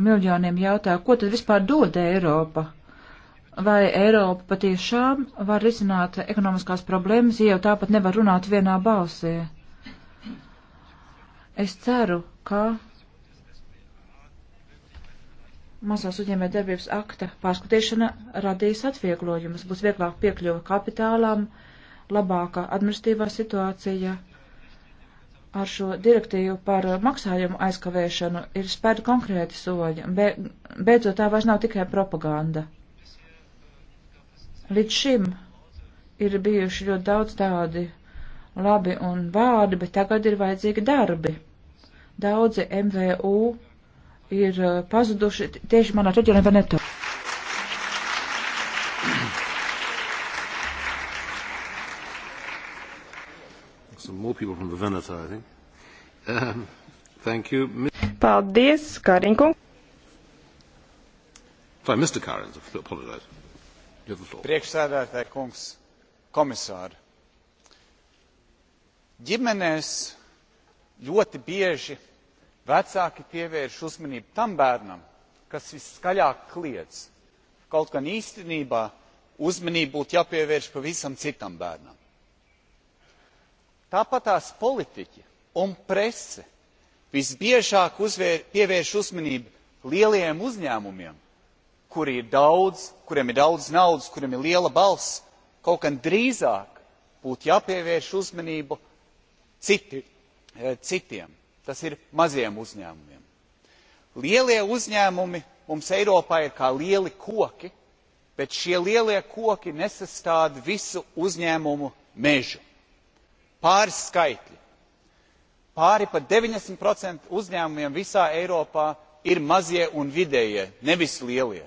miljoniem jautā, ko tad vispār dod Eiropa? vai Eiropa patiešām var risināt ekonomiskās problēmas, ja jau tāpat nevar runāt vienā balsī. Es ceru, ka mazās uzņēmē darbības akta pārskatīšana radīs atvieglojumus, būs vieglāk piekļuva kapitālām, labāka administratīvā situācija. Ar šo direktīvu par maksājumu aizkavēšanu ir spērta konkrēti soļi, beidzot tā vairs nav tikai propaganda. Līdz šim ir bijuši ļoti daudz tādi labi un vārdi, bet tagad ir vajadzīgi darbi. Daudzi MVU ir uh, pazuduši tieši manā reģionā Veneto. Veneto um, Paldies, Kāriņkungs. Sorry, Mr. Kārins, I apologize lūdzu. Priekšsēdētāji kungs, komisāri. Ģimenēs ļoti bieži vecāki pievērš uzmanību tam bērnam, kas viskaļāk kliedz. Kaut gan īstenībā uzmanība būtu jāpievērš pavisam citam bērnam. Tāpat tās politiķi un prese visbiežāk uzvēr, pievērš uzmanību lielajiem uzņēmumiem kuri ir daudz, kuriem ir daudz naudas, kuriem ir liela balss, kaut gan drīzāk būtu jāpievērš uzmanība citi, eh, citiem. Tas ir maziem uzņēmumiem. Lielie uzņēmumi mums Eiropā ir kā lieli koki, bet šie lielie koki nesastāv visu uzņēmumu mežu. Pāris skaitļi. Pāri pat 90% uzņēmumiem visā Eiropā ir mazie un vidējie, nevis lielie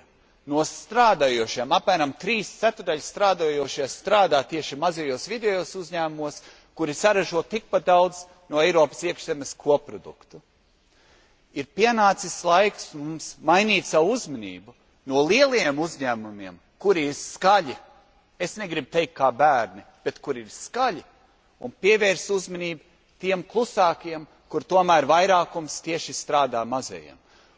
no strādājošiem apmēram trīs ceturdaļas strādājošie strādā tieši mazajos un vidējos uzņēmumos kuri saražo tikpat daudz no eiropas iekšzemes koprodukta. ir pienācis laiks mums mainīt savu uzmanību no lieliem uzņēmumiem kuri ir skaļi es negribu teikt kā bērni bet kuri ir skaļi un pievērst uzmanību tiem klusākiem kur tomēr vairākums tieši strādā mazajiem.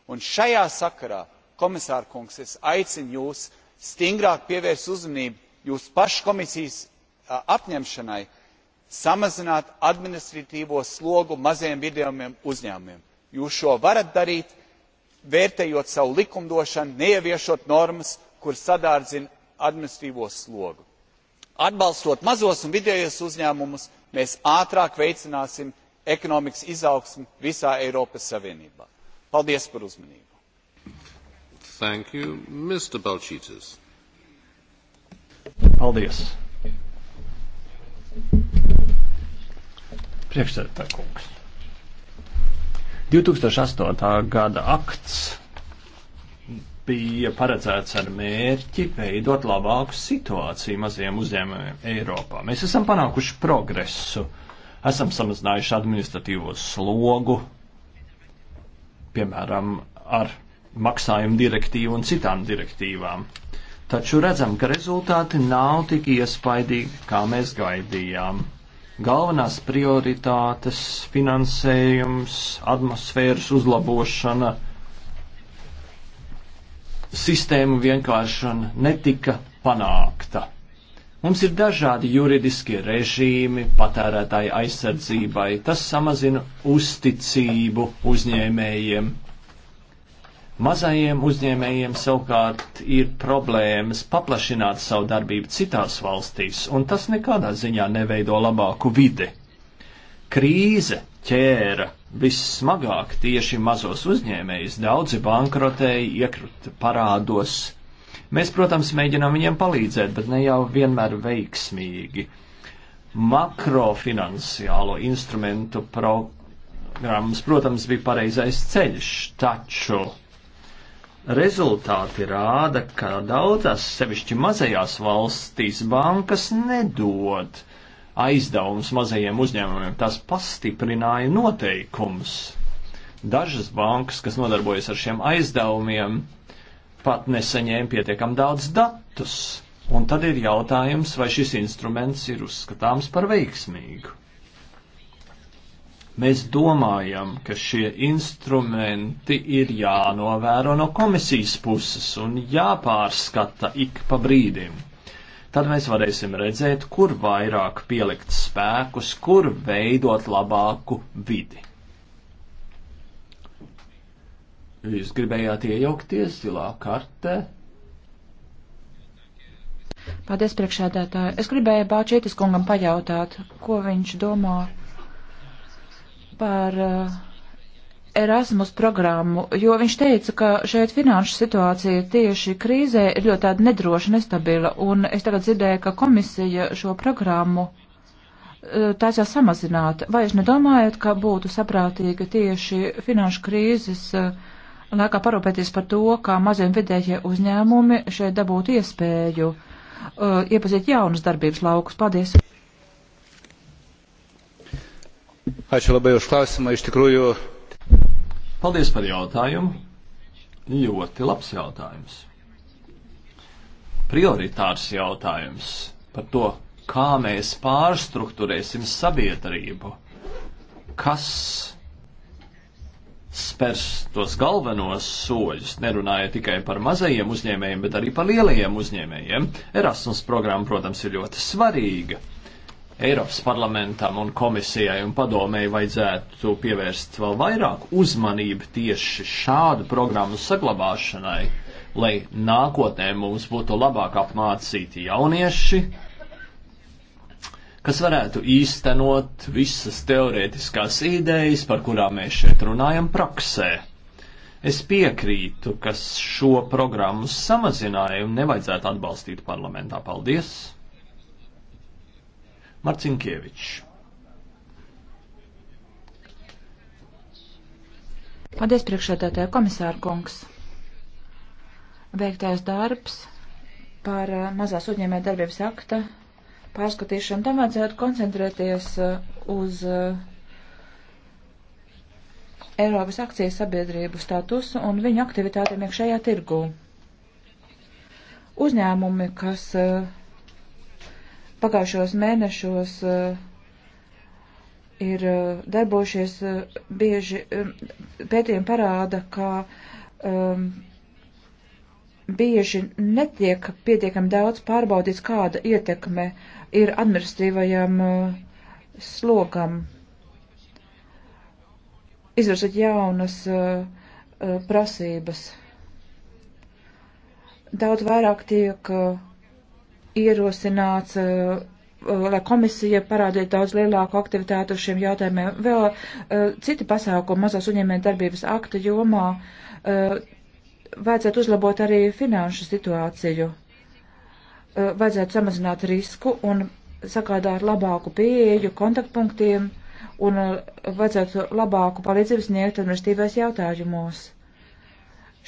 un šajā sakarā komisār kungs es aicinu jūs stingrāk pievērst uzmanību jūsu pašu komisijas apņemšanai samazināt administratīvo slogu maziem un vidējiem uzņēmumiem. jūs to varat darīt vērtējot savu likumdošanu neieviešot normas kuras sadārdzina administratīvo slogu. atbalstot mazos un vidējos uzņēmumus mēs ātrāk veicināsim ekonomikas izaugsmi visā eiropas savienībā. paldies par uzmanību! Thank you. Mr. Balčītis. Paldies. Priekšsēdētāj kungs. 2008. gada akts bija paredzēts ar mērķi veidot labāku situāciju maziem uzņēmumiem Eiropā. Mēs esam panākuši progresu, esam samazinājuši administratīvo slogu, piemēram, ar maksājumu direktīvu un citām direktīvām. Taču redzam, ka rezultāti nav tik iespaidīgi, kā mēs gaidījām. Galvenās prioritātes - finansējums, atmosfēras uzlabošana, sistēmu vienkāršana netika panākta. Mums ir dažādi juridiskie režīmi patērētāju aizsardzībai. Tas samazina uzticību uzņēmējiem. Mazajiem uzņēmējiem savukārt ir problēmas paplašināt savu darbību citās valstīs, un tas nekādā ziņā neveido labāku vidi. Krīze ķēra vissmagāk tieši mazos uzņēmējus, daudzi bankrotēji, iekrita parādos. Mēs, protams, mēģinām viņiem palīdzēt, bet ne jau vienmēr veiksmīgi. Makrofinansiālo instrumentu programmas, protams, bija pareizais ceļš, taču Rezultāti rāda, ka daudzās sevišķi mazajās valstīs bankas nedod aizdevumus mazajiem uzņēmumiem, tās pastiprināja noteikumus. Dažas bankas, kas nodarbojas ar šiem aizdevumiem, pat nesaņēma pietiekam daudz datus. Un tad ir jautājums, vai šis instruments ir uzskatāms par veiksmīgu. Mēs domājam, ka šie instrumenti ir jānovēro no komisijas puses un jāpārskata ik pa brīdim. Tad mēs varēsim redzēt, kur vairāk pielikt spēkus, kur veidot labāku vidi. Jūs gribējāt iejaukties zilā kartē? Paldies, priekšēdētāji. Es gribēju Bāčītis kungam pajautāt, ko viņš domā par uh, Erasmus programmu, jo viņš teica, ka šeit finanšu situācija tieši krīzē ir ļoti tāda nedroša, nestabila, un es tagad dzirdēju, ka komisija šo programmu eh, tās jau samazināt. Vai jūs nedomājat, ka būtu saprātīgi tieši finanšu krīzes eh, laikā parūpēties par to, kā maziem vidējie uzņēmumi šeit dabūtu iespēju uh, iepazīt jaunus darbības laukus? Paldies! Ačiū labai už klausimą. Iš tikrųjų. Paldies par jautājumu. Ļoti labs jautājums. Prioritārs jautājums par to, kā mēs pārstruktūrēsim sabiedrību, kas spers tos galvenos soļus, nerunāja tikai par mazajiem uzņēmējiem, bet arī par lielajiem uzņēmējiem. Erasmus programma, protams, ir ļoti svarīga Eiropas parlamentam un komisijai un padomēji vajadzētu pievērst vēl vairāk uzmanību tieši šādu programmu saglabāšanai, lai nākotnē mums būtu labāk apmācīti jaunieši, kas varētu īstenot visas teorētiskās idejas, par kurām mēs šeit runājam praksē. Es piekrītu, ka šo programmu samazinājumu nevajadzētu atbalstīt parlamentā. Paldies! Marcinkievičs. Paldies, priekšētātāja komisāra kungs. Veiktais darbs par eh, mazās uzņēmē darbības akta pārskatīšanu. Tam vajadzētu koncentrēties eh, uz eh, Eiropas akcijas sabiedrību statusu un viņu aktivitātiem iekšējā tirgū. Uzņēmumi, kas uh, pagājušos mēnešos eh, ir eh, darbojušies eh, bieži pētījumi parāda, ka um, bieži netiek pietiekami daudz pārbaudīts, kāda ietekme ir administratīvajam uh, slogam. Izvirzot jaunas uh, uh, prasības. Daudz vairāk tiek uh, ierosināts, eh, lai komisija parādītu daudz lielāku aktivitātu uz šiem jautājumiem. Vēl eh, citi pasākumi mazās uzņēmē darbības akta jomā eh, vajadzētu uzlabot arī finanšu situāciju. Vajadzētu samazināt risku un sagādāt labāku pieeju kontaktpunktiem un vajadzētu labāku palīdzību sniegt administratīvais jautājumos.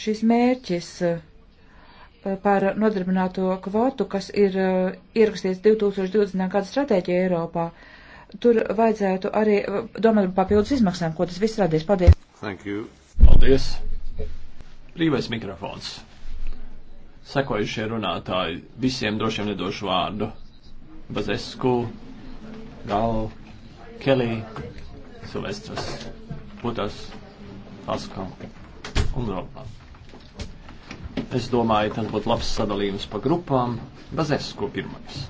Šis mērķis uh, par nodarbināto kvotu, kas ir eh, ierakstīts 2020. gada stratēģija Eiropā. Tur vajadzētu arī eh, domāt par papildus izmaksām, ko tas viss radīs. Paldies! Thank you! Paldies! Brīvais mikrofons. Sekojušie runātāji, visiem droši vien nedošu vārdu. Bazesku, Galo, Kelly, Silvestras, Putas, Paskal un Robā. Es domāju, tas būtu labs sadalījums pa grupām. Bazesko pirmais.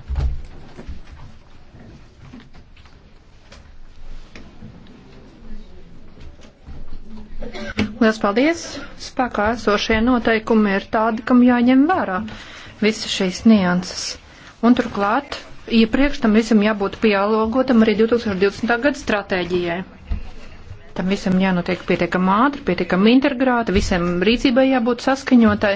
Lielas paldies! Spēkā esošie noteikumi ir tādi, kam jāņem vērā visas šīs nianses. Un turklāt iepriekš tam visam jābūt pielāgotam arī 2020. gada stratēģijai. Tam visam jānotiek pietiekami ātri, pietiekami integrēti, visiem rīcībai jābūt saskaņotai.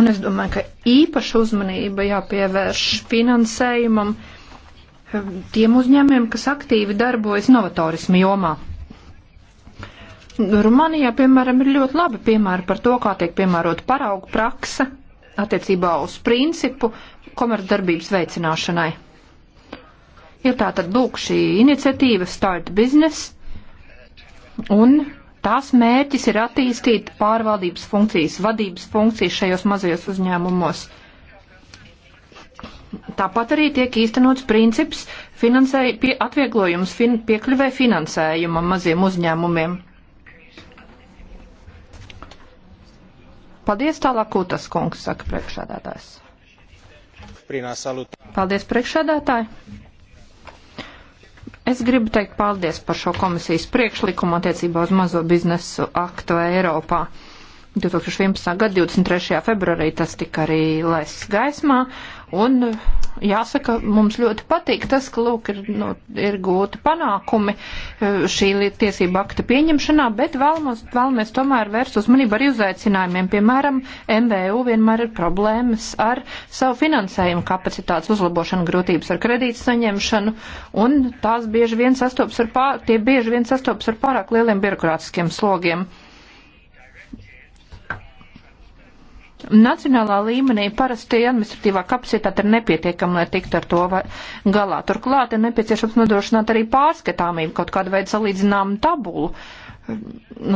Un es domāju, ka īpaša uzmanība jāpievērš finansējumam eh, tiem uzņēmiem, kas aktīvi darbojas novatorismu jomā. Rumānijā, piemēram, ir ļoti labi piemēri par to, kā tiek piemērota paraugu praksa attiecībā uz principu komercdarbības veicināšanai. Ir tā tad lūk šī iniciatīva Start Business, un tās mērķis ir attīstīt pārvaldības funkcijas, vadības funkcijas šajos mazajos uzņēmumos. Tāpat arī tiek īstenots princips finansēja, pie, atvieglojums fin, piekļuvē finansējuma maziem uzņēmumiem. Paldies tālāk, Kūtas kungs, saka priekšādātājs. Paldies priekšādātāji. Es gribu teikt paldies par šo komisijas priekšlikumu attiecībā uz mazo biznesu aktu Eiropā. 2011. gada 23. februarī tas tika arī laists gaismā. Uh, Un eh, jāsaka, mums ļoti patīk tas, ka lūk ir, nu, ir gūti panākumi eh, šī tiesība akta pieņemšanā, bet vēlamies, vēlamies tomēr vērst uzmanību arī uzaicinājumiem. Piemēram, MVU vienmēr ir problēmas ar savu finansējumu kapacitātes uzlabošanu, grūtības ar kredītu saņemšanu, un tās bieži vien sastopas ar pār, tie bieži vien sastopas ar pārāk lieliem birokrātiskiem slogiem. Nacionālā līmenī parasti administratīvā kapacitāte ir nepietiekama, lai tiktu ar to galā. Turklāt ir nepieciešams nodrošināt arī pārskatāmību, kaut kādu veidu salīdzināmu tabulu, um,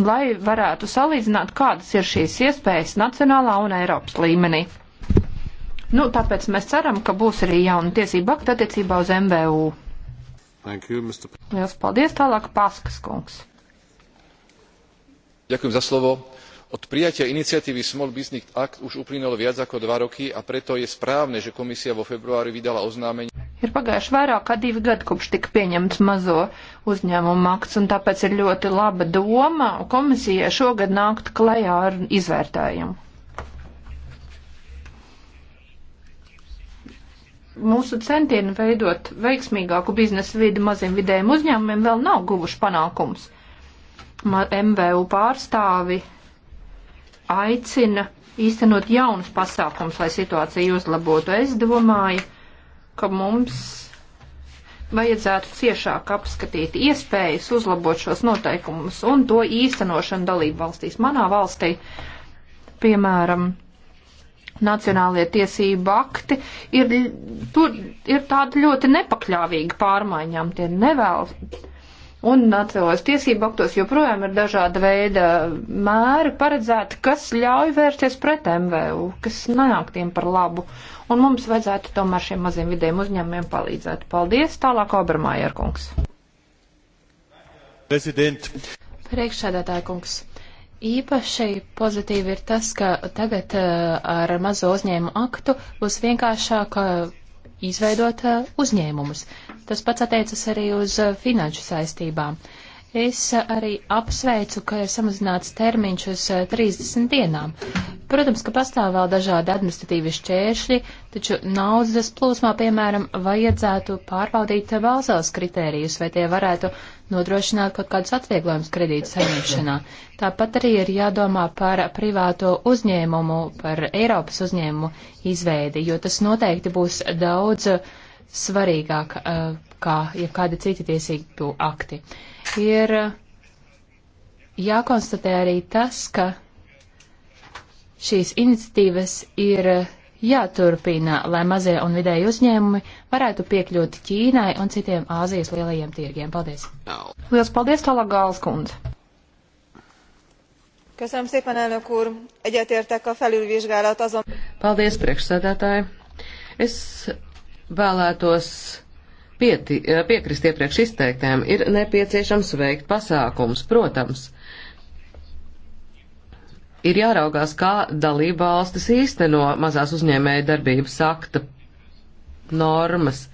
lai varētu salīdzināt, kādas ir šīs iespējas nacionālā un Eiropas līmenī. Nu, tāpēc mēs ceram, ka būs arī jauna tiesība akta attiecībā uz MVU. Thank you, Mr. Lielas paldies, tālāk Paskas kungs. Ďakujem za slovo od prijatia iniciatívy small business act už uplynulo viac ako dva roky a preto je správne že komisia vo februári vydala oznámenie Ir pagājuši vairāk kā divi gadi, kopš tika pieņemts mazo uzņēmumu akts, un tāpēc ir ļoti laba doma komisijai šogad nākt klajā ar izvērtējumu. Mūsu centieni veidot veiksmīgāku biznesa vidi maziem vidējiem uzņēmumiem vēl nav guvuši panākums. MVU pārstāvi aicina īstenot jaunus pasākums, lai situāciju uzlabotu. Es domāju, ka mums vajadzētu ciešāk apskatīt iespējas uzlabot šos noteikumus un to īstenošanu dalību valstīs. Manā valstī, piemēram, nacionālie tiesību akti ir, tur, ir tādi ļoti nepakļāvīgi pārmaiņām. Tie nevēlas Un nacionālais tiesību aktos joprojām ir dažāda veida mēri paredzēti, kas ļauj vērsties pret MVU, kas nenāk tiem par labu. Un mums vajadzētu tomēr šiem maziem vidiem uzņēmumiem palīdzēt. Paldies, tālāk Obermājer kungs. Prezident. Priekšsēdētāja kungs. Īpaši pozitīvi ir tas, ka tagad eh, ar mazo uzņēmumu aktu būs vienkāršāk eh, izveidot eh, uzņēmumus. Tas pats attiecas arī uz eh, finanšu saistībām. Es eh, arī apsveicu, ka ir samazināts termiņš uz 30 eh, dienām. Protams, ka pastāv vēl dažādi administratīvi šķēršļi, taču naudas plūsmā, piemēram, vajadzētu pārbaudīt valsts kritērijus, vai tie varētu nodrošināt kaut kādus atvieglojumus kredītu saņemšanā. Tāpat arī ir jādomā par privāto uzņēmumu, par Eiropas uzņēmumu izveidi, jo tas noteikti būs daudz uh, svarīgāk eh, kā jebkādi citi tiesību akti. Ir eh, jākonstatē arī tas, ka šīs iniciatīvas ir eh, jāturpina, lai mazie un vidēji uzņēmumi varētu piekļūt Ķīnai un citiem Āzijas lielajiem tirgiem. Paldies! Lielas paldies, tālāk Gāls kundze! Köszönöm szépen, elnök úr! Egyetértek a felülvizsgálat azon... Paldies, priekšsēdētāji! Es vēlētos pieti, eh, piekrist iepriekš izteiktēm. Ir nepieciešams veikt pasākums, protams. Ir jāraugās, kā dalība valstis īsteno mazās uzņēmēja darbības akta normas.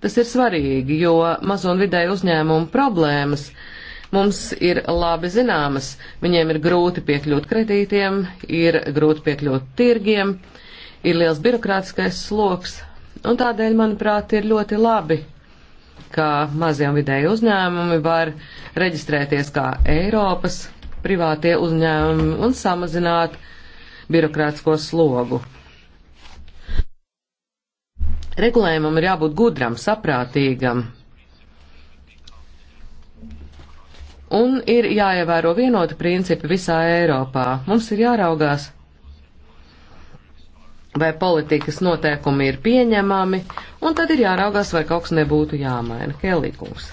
Tas ir svarīgi, jo mazo un vidēju uzņēmumu problēmas mums ir labi zināmas. Viņiem ir grūti piekļūt kredītiem, ir grūti piekļūt tirgiem, ir liels birokrātiskais sloks. Un tādēļ, manuprāt, ir ļoti labi, ka mazie un vidēji uzņēmumi var reģistrēties kā Eiropas privātie uzņēmumi un samazināt birokrātsko slogu. Regulējumam ir jābūt gudram, saprātīgam, un ir jāievēro vienoti principi visā Eiropā. Mums ir jāraugās, vai politikas noteikumi ir pieņemami, un tad ir jāraugās, vai kaut kas nebūtu jāmaina. Kelīgums.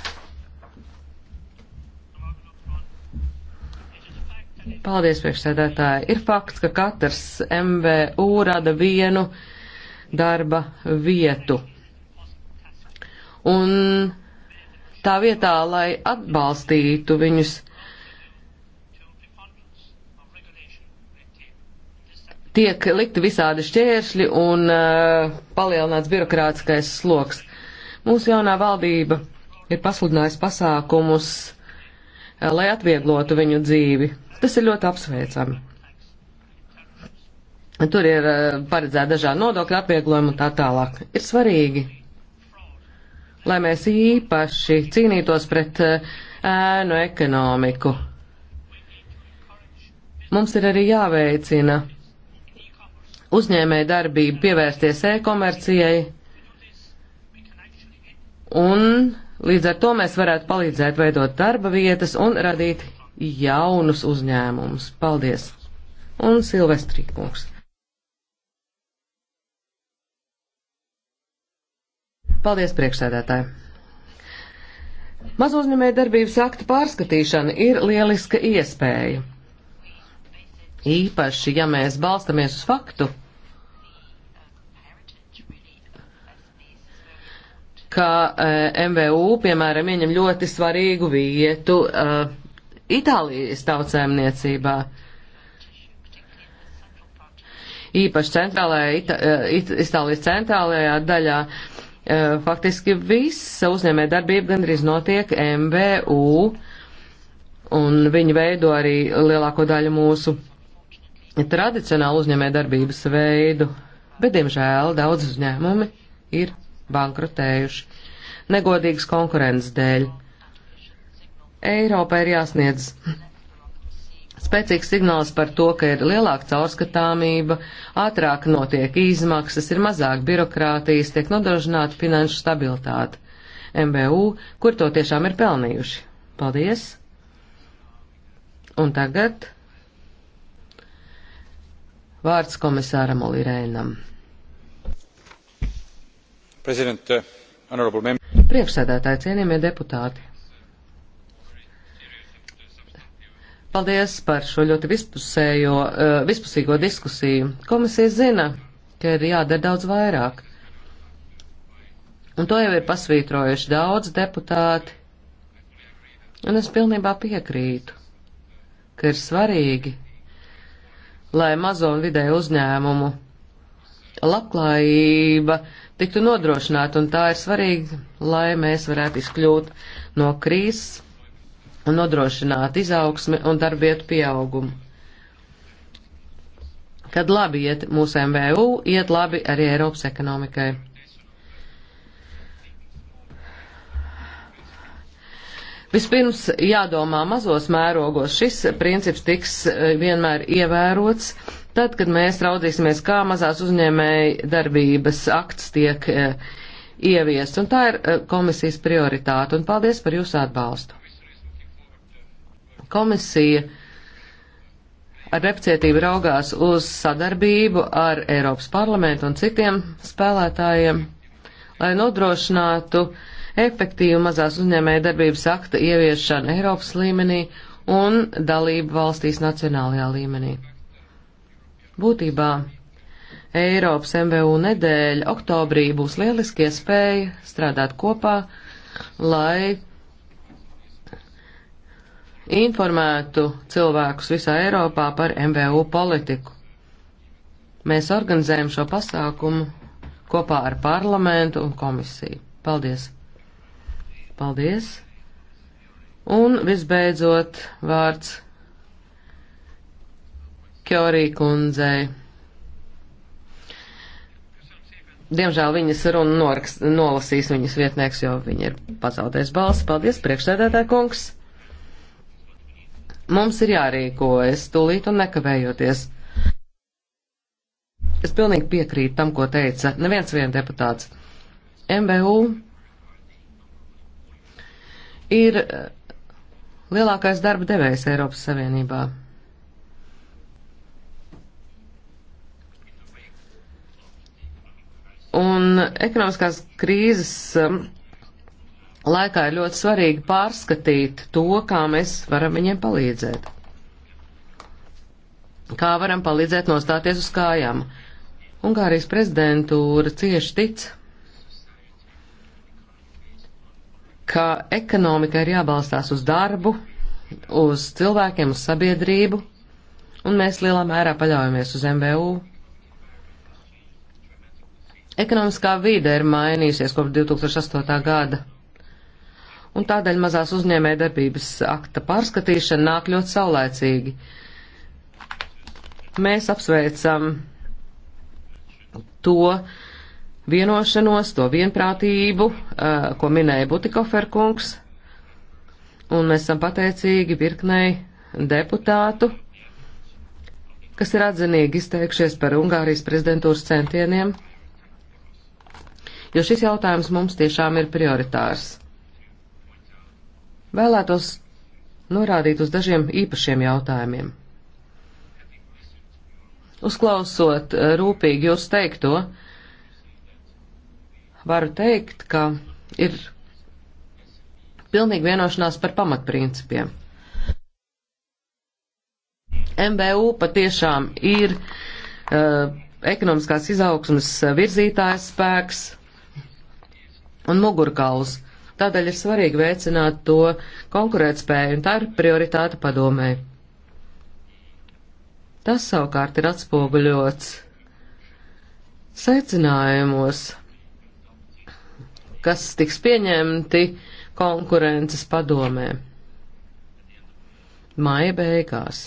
Paldies, priekšsēdētāji. Ir fakts, ka katrs MVU rada vienu darba vietu. Un tā vietā, lai atbalstītu viņus, uh, tiek likti visādi šķēršļi un uh, palielināts birokrātiskais sloks. Mūsu jaunā valdība ir pasludinājusi pasākumus, uh, lai atvieglotu viņu dzīvi. Tas ir ļoti apsveicami. Tur ir uh, paredzēta dažādi nodokļu atvieglojumi un tā tālāk. Ir svarīgi, lai mēs īpaši cīnītos pret ēnu ekonomiku. Mums ir arī jāveicina uzņēmēju darbību pievērsties e-komercijai, un līdz ar to mēs varētu palīdzēt veidot darba vietas un radīt jaunus uzņēmumus. Paldies! Un Silvestrīkungs. Paldies, priekšsēdētāji! Mazuzņēmēja darbības akta pārskatīšana ir lieliska iespēja. Īpaši, ja mēs balstamies uz faktu, ka eh, MVU, piemēram, ieņem ļoti svarīgu vietu eh, Itālijas tautsēmniecībā īpaši centrālajā, Ita, eh, It, Itālijas centrālajā daļā. Faktiski visa uzņēmē darbība gandrīz notiek MVU, un viņi veido arī lielāko daļu mūsu tradicionālu uzņēmē darbības veidu, bet, diemžēl, daudz uzņēmumi ir bankrutējuši negodīgas konkurences dēļ. Eiropai ir jāsniedz spēcīgs signāls par to, ka ir lielāka caurskatāmība, ātrāk notiek izmaksas, ir mazāk birokrātijas, tiek nodrošināta finanšu stabilitāte. MBU, kur to tiešām ir pelnījuši. Paldies! Un tagad vārds komisāram Olirēnam. Uh, Priekšsēdētāji, cienījamie deputāti! Paldies par šo ļoti vispusējo, uh, vispusīgo diskusiju. Komisija zina, ka ir jādara daudz vairāk. Un to jau ir pasvītrojuši daudz deputāti. Un es pilnībā piekrītu, ka ir svarīgi, lai mazo un vidēju uzņēmumu labklājība uh, tiktu nodrošināta, un tā ir svarīga, lai mēs varētu izkļūt no krīzes un nodrošināt izaugsmi un darbietu pieaugumu. Kad labi iet mūsu MVU, iet labi arī Eiropas ekonomikai. Vispirms jādomā mazos mērogos. Šis princips tiks eh, vienmēr ievērots Tad, kad mēs raudzīsimies, kā mazās uzņēmēji darbības akts tiek e, ieviests, un tā ir e, komisijas prioritāte, un paldies par jūsu atbalstu. Komisija ar repcietību raugās uz sadarbību ar Eiropas parlamentu un citiem spēlētājiem, lai nodrošinātu efektīvu mazās uzņēmēja darbības akta ieviešanu Eiropas līmenī un dalību valstīs nacionālajā līmenī. Būtībā Eiropas MVU nedēļa oktobrī būs lieliski iespēja strādāt kopā, lai informētu cilvēkus visā Eiropā par MVU politiku. Mēs organizējam šo pasākumu kopā ar parlamentu un komisiju. Paldies! Paldies! Un visbeidzot vārds Kjorī kundzei. Diemžēl viņas runu norakst, nolasīs viņas vietnieks, jo viņa ir pazaudējis balsi. Paldies, priekšsēdētāj kungs! Mums ir jārīkojas tūlīt un nekavējoties. Es pilnīgi piekrītu tam, ko teica neviens vien deputāts. MBU ir eh, lielākais darba devējs Eiropas Savienībā. Un ekonomiskās krīzes um, laikā ir ļoti svarīgi pārskatīt to, kā mēs varam viņiem palīdzēt. Kā varam palīdzēt nostāties uz kājām. Ungārijas prezidentūra cieši tic, ka ekonomika ir jābalstās uz darbu, uz cilvēkiem, uz sabiedrību, un mēs lielā mērā paļaujamies uz MVU Ekonomiskā vīde ir mainījusies kopš 2008. gada, un tādēļ mazās uzņēmē darbības akta pārskatīšana nāk ļoti saulēcīgi. Mēs apsveicam to vienošanos, to vienprātību, ko minēja Butikofer kungs, un mēs esam pateicīgi virknei deputātu, kas ir atzinīgi izteikšies par Ungārijas prezidentūras centieniem jo šis jautājums mums tiešām ir prioritārs. Vēlētos norādīt uz dažiem īpašiem jautājumiem. Uzklausot eh, rūpīgi jūs teikto, varu teikt, ka ir pilnīgi vienošanās par pamatprincipiem. MBU patiešām ir uh, ekonomiskās izaugsmas virzītājs spēks, un mugurkauls. Tādēļ ir svarīgi veicināt to konkurētspēju, un tā ir prioritāte padomē. Tas savukārt ir atspoguļots secinājumos, kas tiks pieņemti konkurences padomē. Māja beigās.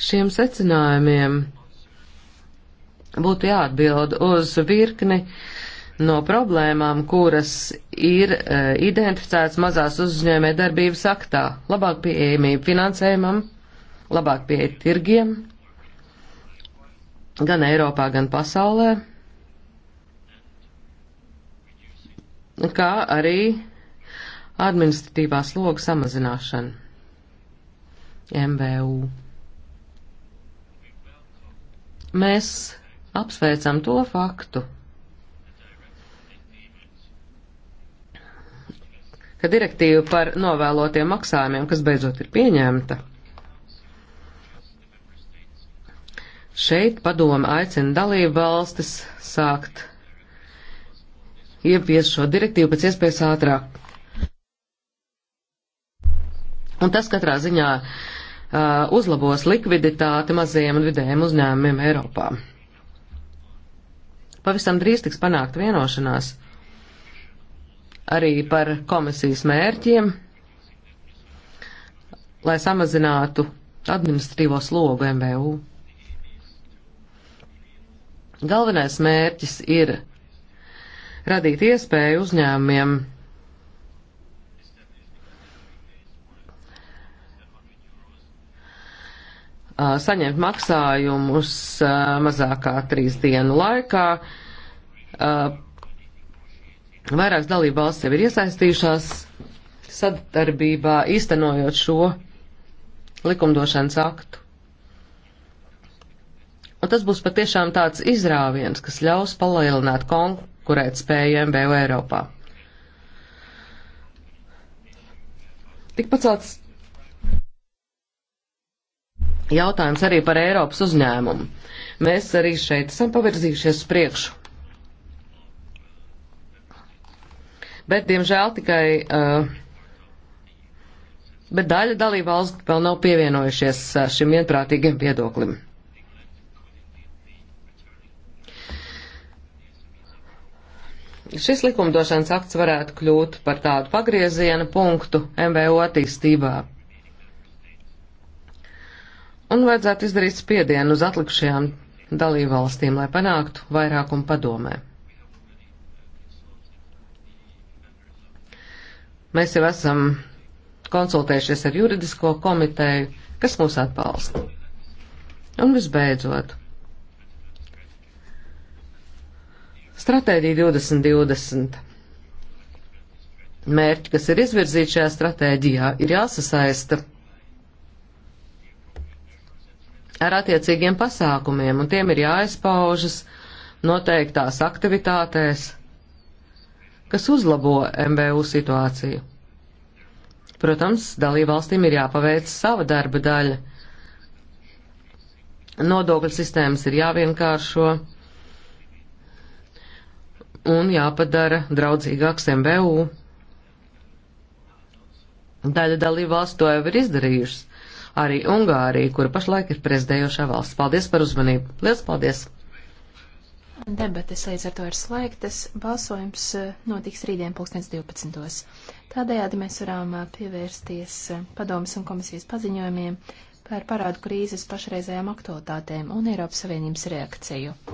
Šiem secinājumiem būtu jāatbild uz virkni no problēmām, kuras ir e, identificētas mazās uzņēmē darbības aktā. Labāk pieejamība finansējumam, labāk pieeja tirgiem, gan Eiropā, gan pasaulē, kā arī administratīvā sloga samazināšana. MVU. Mēs apsveicam to faktu, ka direktīva par novēlotiem maksājumiem, kas beidzot ir pieņemta, šeit padome aicina dalību valstis sākt ievies šo direktīvu pēc iespējas ātrāk. Un tas katrā ziņā uh, uzlabos likviditāti mazajiem un vidējiem uzņēmumiem Eiropā pavisam drīz tiks panākt vienošanās arī par komisijas mērķiem, lai samazinātu administrīvo slogu MVU. Galvenais mērķis ir radīt iespēju uzņēmumiem saņemt maksājumus mazākā trīs dienu laikā. Vairākas dalība valsts jau ir iesaistījušās sadarbībā, īstenojot šo likumdošanas aktu. Un tas būs patiešām tāds izrāviens, kas ļaus palielināt konkurēt spēju MBU Eiropā. Tik pacelts Jautājums arī par Eiropas uzņēmumu. Mēs arī šeit esam pavirzījušies uz priekšu. Bet, diemžēl, tikai. Uh, bet daļa dalībvalstu vēl nav pievienojušies uh, šim vienprātīgiem viedoklim. Šis likumdošanas akts varētu kļūt par tādu pagrieziena punktu MVO attīstībā. Un vajadzētu izdarīt spiedienu uz atlikušajām dalībvalstīm, lai panāktu vairākumu padomē. Mēs jau esam konsultējušies ar juridisko komiteju, kas mūs atbalsta. Un visbeidzot, stratēģija 2020. Mērķi, kas ir izvirzīti šajā stratēģijā, ir jāsasaista ar attiecīgiem pasākumiem, un tiem ir jāizpaužas noteiktās aktivitātēs, kas uzlabo MVU situāciju. Protams, dalībvalstīm ir jāpaveic sava darba daļa. Nodokļu sistēmas ir jāvienkāršo un jāpadara draudzīgāks MVU. Daļa dalībvalstu to jau ir izdarījušas arī Ungāriju, kura pašlaik ir prezidējošā valsts. Paldies par uzmanību! Lielas paldies! Debates līdz ar to ir slēgtas. Balsojums eh, notiks rītdien 2012. Tādējādi mēs varam eh, pievērsties eh, padomas un komisijas paziņojumiem par parādu krīzes pašreizējām aktualitātēm un Eiropas Savienības reakciju.